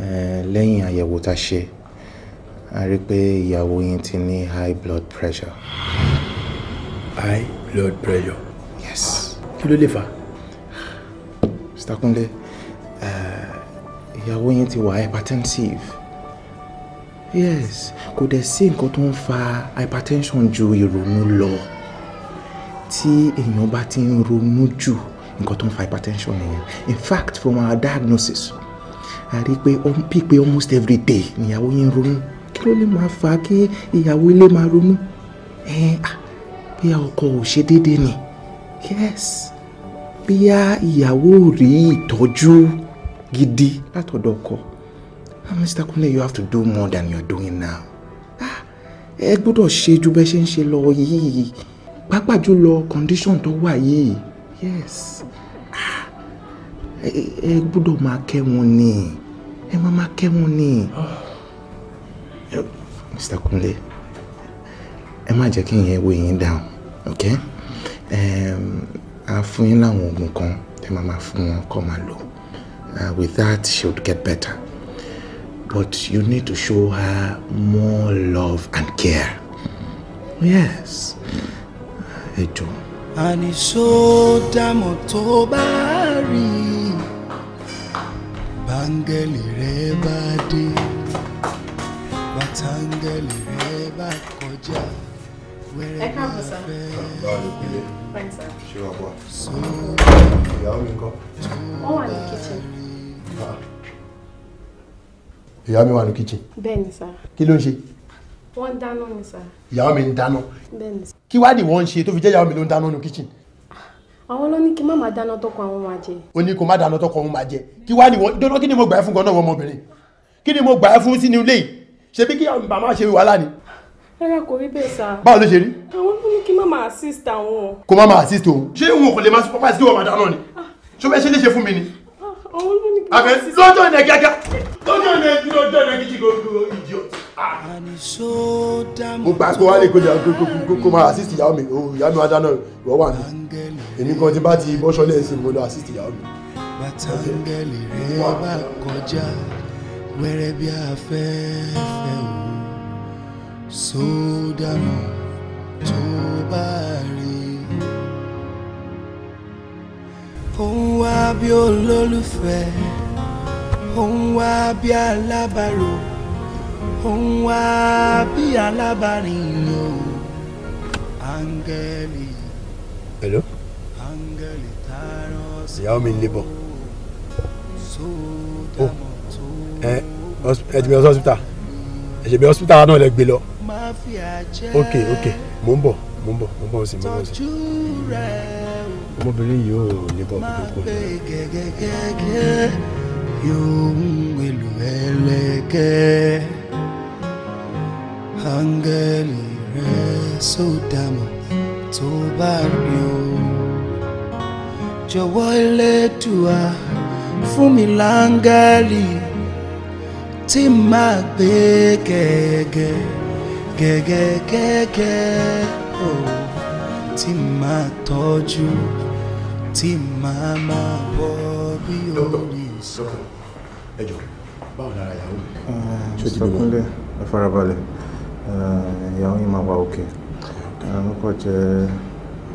eh, lẹ́yìn àyẹ̀wò tá a ṣe a rí i pé ìyàwó yín ti ní high blood pressure. high blood pressure kí ló lè fà Mr. Kunle eh, ìyàwó yẹn ti wà hypertensive yes kò dẹ̀ sí nǹkan tó ń fa hypertension ju ìrònú lọ tí èèyàn bá ti ń ronú jù nǹkan tó ń fa hypertension nìyẹn in fact from our diagnosis a rí i pé ó almost every day níyàwó yẹn ń ronú kí ló lè máa fa kí ìyàwó ilé máa ronú ẹ eh, ẹ ah, bí ọkọ ò ṣe déédéé ni yes bóyá ìyàwó rí ìtọ́jú gidi látọ̀dọ̀ ọkọ ah, Mr. Kunle you have to do more than you are doing now ah, ẹ gbọ́dọ̀ ṣe ju bẹ́ẹ̀ ṣe ń ṣe lọ yìí pàápàá jùlọ condition tó wà yìí yes ah, ẹ gbọ́dọ̀ máa kẹ́ wọn ni ẹ máa máa kẹ́ wọn ni Mr. Kunle ẹ má jẹ́ kí ìyẹn wo yín down okay. Um, a fún yín láwọn oògùn kan tẹ́ máa máa fún wọn kọ́ máa lò uh, with that she would get better but you need to show her more love and care yes ẹ jọ. àníṣó dàmọ̀ tó bá rí báńgẹ́lì rẹ bá dé bàtàǹgẹ̀lì rẹ bá kọjá wẹ́rẹ́ bá fẹ́. Thanks, sir. Ṣé wà bọ̀? Ìyàwó mi ńkọ́? Wọ́n wà ní kitchen. Ìyàwó mi wà kitchen? Ben, sir. Kí ló ń ṣe? Wọ́n ń dáná ni, sir. Ìyàwó mi ń dáná? Bẹ́ẹ̀ni, sir. Kí wá di wọ́n ń ṣe tó fi jẹ́ ìyàwó mi ló ń dáná ní kitchen? àwọn ló ní kí má máa dáná tọkọ àwọn máa jẹ. ó ní kó má dáná tọkọ òun máa jẹ kí wá nìwọ dọ́dọ́ kí ni mo gbà ẹ́ fún gan-an ọmọbìnrin kí ni mo gbà ẹ́ fún sínú ilé yìí ṣebí kí bàmá ṣe ni rárá kò rí bẹ́ẹ̀ sá. báwo ló ṣe rí. àwọn ló ní kí má máa assist àwọn. kó má máa assist òun. ṣé òun kò lè máa supervise tí wọ́n máa dáná ni ah. ṣó bẹ́ẹ̀ ṣe léṣe fún mi ni. Ah, àwọn ló ní kí má máa assist. lọ́jọ́ ìnẹ̀ gẹ́gẹ́ lọ́jọ́ ìnẹ̀ gidi lọ́jọ́ ìnẹ̀ gidi gbogbo idiot. Ah. mo gbà kó wá lè kójà kó máa assist ìyàwó mi ìyá mi wá dáná ìwọ wà mí èmi kan ti bá ti bọ́ṣọ́ lẹ́sìn mo lọ assist ìyàwó mi. wò sódàmù tó bá rí òun wá bí olólùfẹ́ òun wá bí alábàárò òun wá bí alábàárìn o áńgẹ́lì. hello. áńgẹ́lì tààrọ̀ sí. ìyàwó mi ń lé sódàmù tó oh, eh, bá rí. ẹ ẹ ti bẹ hospital ẹ ṣe bẹ hospital náà lẹ gbé lọ ok ok mò ń bọ̀ mò ń bọ̀ mò ń bọ̀ sí mò ń bọ̀ sí. ọmọbìnrin yìí ò ní bọ̀ kókó. sódàmù tó bá rí o jọ̀wọ́ Elédùà fún mi láńgẹ́lì tí màá gbé gẹ́gẹ́ gẹ́gẹ́gẹ́gẹ́ o oh, tí màá tọ́jú tí màá máa bọ́ bí orí sọ. ẹ jọ báwo lára ìyàwó mi. ṣé ti bímọ Kúnlé ẹ farabalẹ̀ ìyàwó yìí máa wà òkè àwọn kan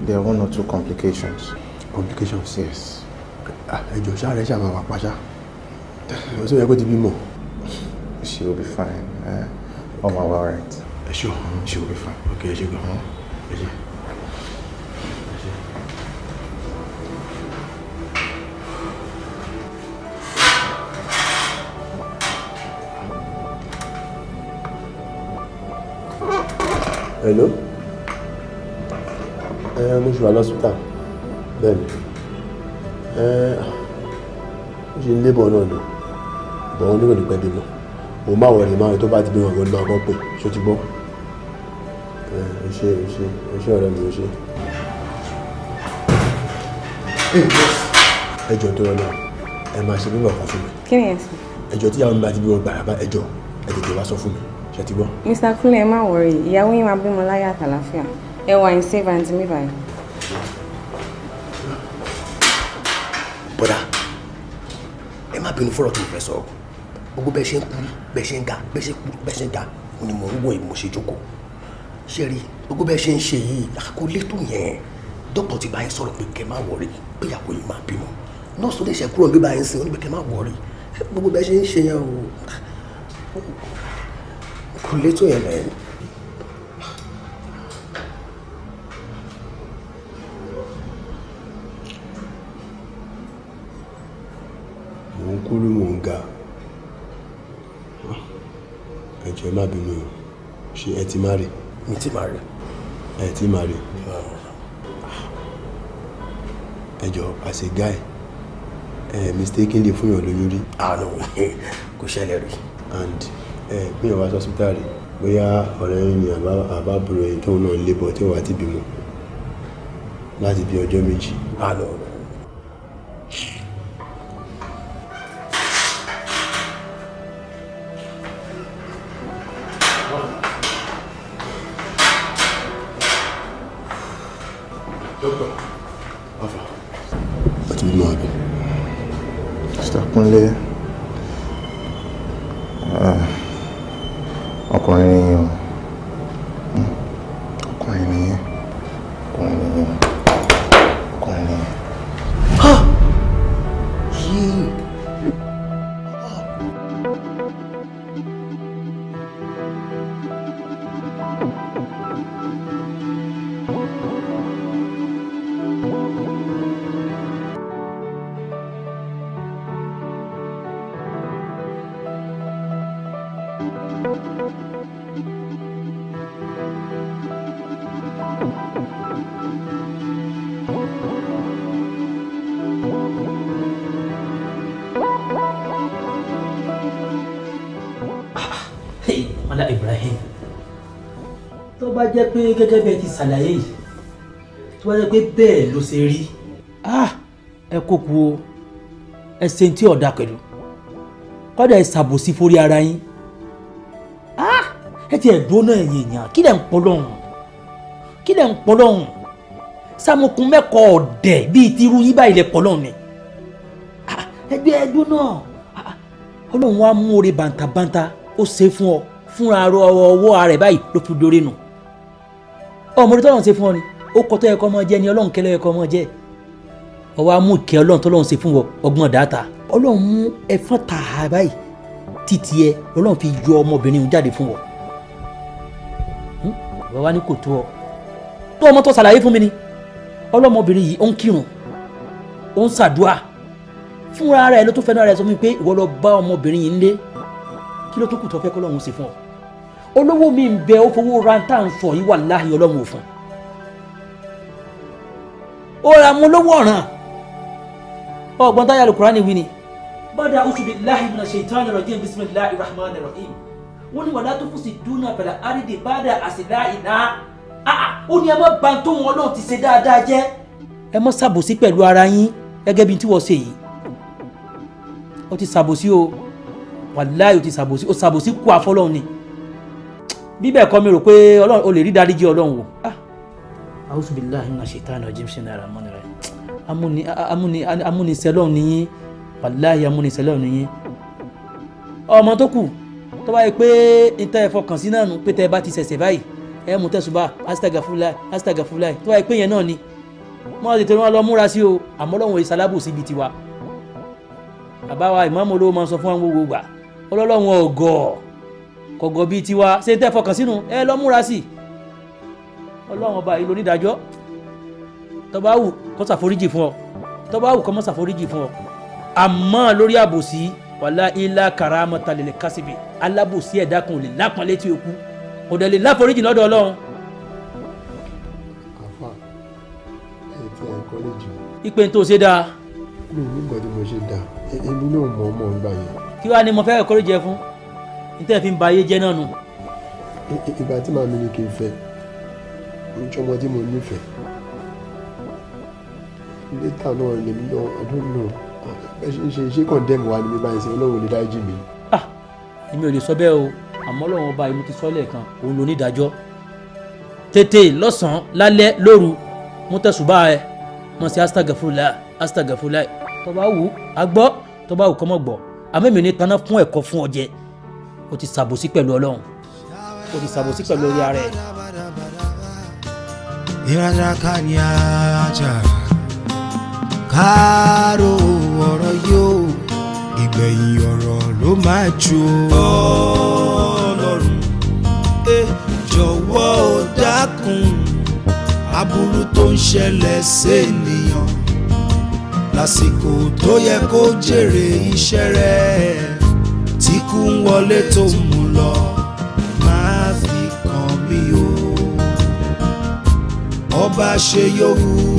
there are one or two complications. complications yes. Ah, ẹ jọ ṣáà rẹ ṣáà máa wà pàṣà ó sì yẹ kó ti bímọ. she will be fine ọmọ uh, wa alright sure, she will be fine. Okay, she go home. Is it? Hello? Ẹ eh, mo eh, ṣe wà lọ́sítà bẹ́ẹ̀ni. Ẹ mo ṣe ń lébọ̀ náà ni. Bọ̀ wọn nígbà nípẹ́ bímọ. Mo máa wọ̀rẹ̀ máa tó bá ti bímọ ọ̀gọ́ ẹ ṣe ẹ ṣe ẹ ṣe ọ̀rẹ́ mi ẹ ṣe. ẹ jọ tó lọ́nà ẹ máa ṣe bíbọ̀ kan fún mi. kí ni ẹ sọ. ẹ jọ tíyàwó mi bá ti bí wọn gbàrà bá ẹ tètè wá sọ fún mi ṣe ti gbọ́. Mr. Kule, ẹ má wọrí ìyàwó yín máa bímọ láyé àtàlàfíà ẹ wà ní save and me báyìí. bọ́dà ẹ má bínú fọ́rọ̀ tó fẹ́ sọ gbogbo bẹ́ẹ̀ ṣe ń kú bẹ́ẹ̀ ṣe ń ga bẹ́ẹ̀ ṣe ń ga ni mò ń wọ ìmọ̀ṣẹ́jókòó ṣẹ́rí gbogbo bẹ́ẹ̀ ṣe ń ṣe yìí àkókò létò yẹn dókítà ti bá yín sọ̀rọ̀ pé kẹ́ máa wọ̀rí pé ìyàwó yìí máa bímọ nọ́ọ̀sì tó lè ṣe kúrò níbi báyìí sìn ó ní pé kẹ́ máa wọ̀rí gbogbo bẹ́ẹ̀ ṣe ń ṣe yẹn o kò létò yẹn lẹ́yìn. mò ń kúrú mò ń ga ẹ̀jẹ̀ má bínú ṣé ẹ ti má rí mi ti máa rí. ẹ ti máa rí. ẹ jọ as a guy ẹ mistakenly fún yàn lóyún rí. àná ah, kò ṣẹlẹ̀ rí. and ẹ pín ìwà hospital rí bóyá ọ̀rẹ́ yìí àbábùrọ̀ yìí tóun náà lébọ̀ tí wàá ti bímọ láti bí ọjọ́ méjì. àná ah, jẹ́ pé gẹ́gẹ́ bẹ́ẹ̀ ti ṣàlàyé yìí tó bá jẹ́ pé bẹ́ẹ̀ ló ṣe rí ah, ẹ kó kú o ẹ ṣe ti ọ̀dà pẹ̀lú kọ́dà ẹ ṣàbòsí forí ara yín ah, ẹ ti ẹ̀ dúró náà ẹ̀yìn èèyàn kí lẹ̀ ń pọ̀ lọ́hùn kí lẹ̀ ń pọ̀ lọ́hùn sàmùkún mẹ́kọ̀ ọ̀dẹ̀ bíi tirú yí báyìí lẹ̀ pọ̀ lọ́hùn ni ẹgbẹ́ ẹdún náà ọlọ́run wa mú oore bàǹtàbàǹtà ó ṣe fún ọ fúnra ọwọ́ ara ẹ̀ báyìí ló fi dorí nù ọmọ orí tọ́lọ́run ṣe fún ọ ni ó kọ́ tó yẹ kọ́ ọmọ jẹ́ ni ọlọ́run kẹlẹ́ yẹ kọ́ ọmọ jẹ́ ọwọ́ amú ìkẹ́ ọlọ́run tọ́lọ́run ṣe fún ọ ọgbọ́n dáta ọlọ́run mú ẹ̀fọn tàhà báyìí títí ẹ ọlọ́run fi yọ ọmọbìnrin òun jáde fún ọ hm? ìwọ wa ní kò tó ọ tó ọmọ tó ṣàlàyé fún mi ni ọlọ́mọbìnrin yìí ó ń kírun ó ń ṣàdúà fúnra rẹ̀ ló tún fẹ́ràn rẹ̀ sọ fún mi pé ìwọ lọ bá ọmọbìnrin yìí ń lé kí ló tún kù tó fẹ́ kọ́ lọ́run ṣe fún ọ olówó mi ń bẹ ó fowó rántà ń sọ yìí wà láàyè ọlọ́run òfin ó ra mu lówó ọ̀ràn ọgbọ́n táyà Al-Qur'ani wí ni. bàdà oṣù bíi láàyè mi náà ṣe ìtàn ìrọ̀jẹ́ ìbísí mi láàyè rahman rahim wọ́n ní wàdà tó fún sí dúnà pẹ̀lú àrídì bàdà àṣìlá ìná ó ní ẹ má ba tó wọn lóò ti ṣe dáadáa jẹ́. ẹ má ṣàbòsí pẹ̀lú ara yín gẹ́gẹ́ bí tí wọ́n ṣe yìí ó ti ṣàbòsí o wàláì ó ti ṣàbòsí ó ṣàbòsí kú àfọlọ́ọ̀ ni bíbẹ̀ kọ́ mi rò pé ọlọ́run o lè rí dáríjì ọlọ́run wò. Ah. a'udhu billahi minash shaitani rajim ṣe náírà mọ́ni rẹ̀ amúnisẹ́lọ́ọ̀ ni yín wàláhì amúnisẹ́lọ́ọ̀ ni yín. ọmọ tó kù tó bá yẹ pé ìtẹ́ ẹ̀ fọkàn sí náà nù pé tẹ́ ẹ bá ti ṣẹ̀ṣẹ̀ báyìí ẹ mú tẹ̀sùbà astagafulai astagafulai tó bá yẹ pé yẹn náà ni mọ́ tètè wọn lọ múra sí o àmọ́ lọ́wọ́ ìsalábù síbi tiwa àbáwa ìmọ̀ọ́mọ́ olówó máa sọ fún wọn gbogbo gbà ọlọ́lọ́wọ́n ọ̀gọ́ọ̀ kọ̀gọ̀ bíi tiwa ṣe ń tẹ́ fọkàn sínú ẹ lọ múra sí i ọlọ́run ọba ìlú onídàájọ́ tó bá wù kó ṣàforíjì fún ọ tó bá wù kó má ṣàforíjì fún ọ àmọ́ lórí àbòsí wàlá ilá karamata lè kásìbì alábòsí ẹ̀dá kan ò lè lápọn létí òkú kò dẹ̀ lè láforíjì lọ́dọ̀ ọlọ́run. àfa ètò ẹ̀kọ́ lè jù. ìpè tó ṣe dáa. mi ò ní gbọ́dọ̀ mo ṣe dáa èmi náà mọ̀ ọ́ mọ̀ ń gbà yẹn. kí wàá ní mo fẹ́ ẹ̀kọ́ lè jẹ fún nítorí fi ń ba ayé jẹ́ náà nù. ìgbà tí màmí ni kì í fẹ́ ojú ọmọ tí mo nífẹ̀ẹ́ létà náà lèmi náà ọdún náà ṣe ṣe kàn dẹ́mu wa ni mi báyìí sẹ́ ọlọ́run lè mi. Ah, èmi ò lè sọ bẹ́ẹ̀ o àmọ́ ọlọ́run ọba ìmú ti sọ lẹ́ẹ̀kan òun ló ní tètè lọ́sàn-án lálẹ́ lóru mú tẹ̀sùbá ẹ sí astagafula astagafula tọ́ba wù á tọ́ba wù kọ́mọ̀ gbọ́ àmọ́ èmi ní taná fún ẹ̀kọ́ fún ọ jẹ́ ó ti ṣàbòsí pẹ̀lú ọlọ́run ó ti ṣàbòsí pẹ̀lú orí ara ẹ̀. ìrádàkànyà àjà káàró ọ̀rọ̀ yóò ìgbẹ̀yìn ọ̀rọ̀ ló máa ju ọlọ́run jọ̀wọ́ ó dákun aburú tó ń ṣẹlẹ̀ sénìyàn lásìkò tó yẹ kó jèrè iṣẹ́ rẹ̀ tí kú ń wọlé tó ń mú lọ máa fi kàn mí o ọba ṣe yóò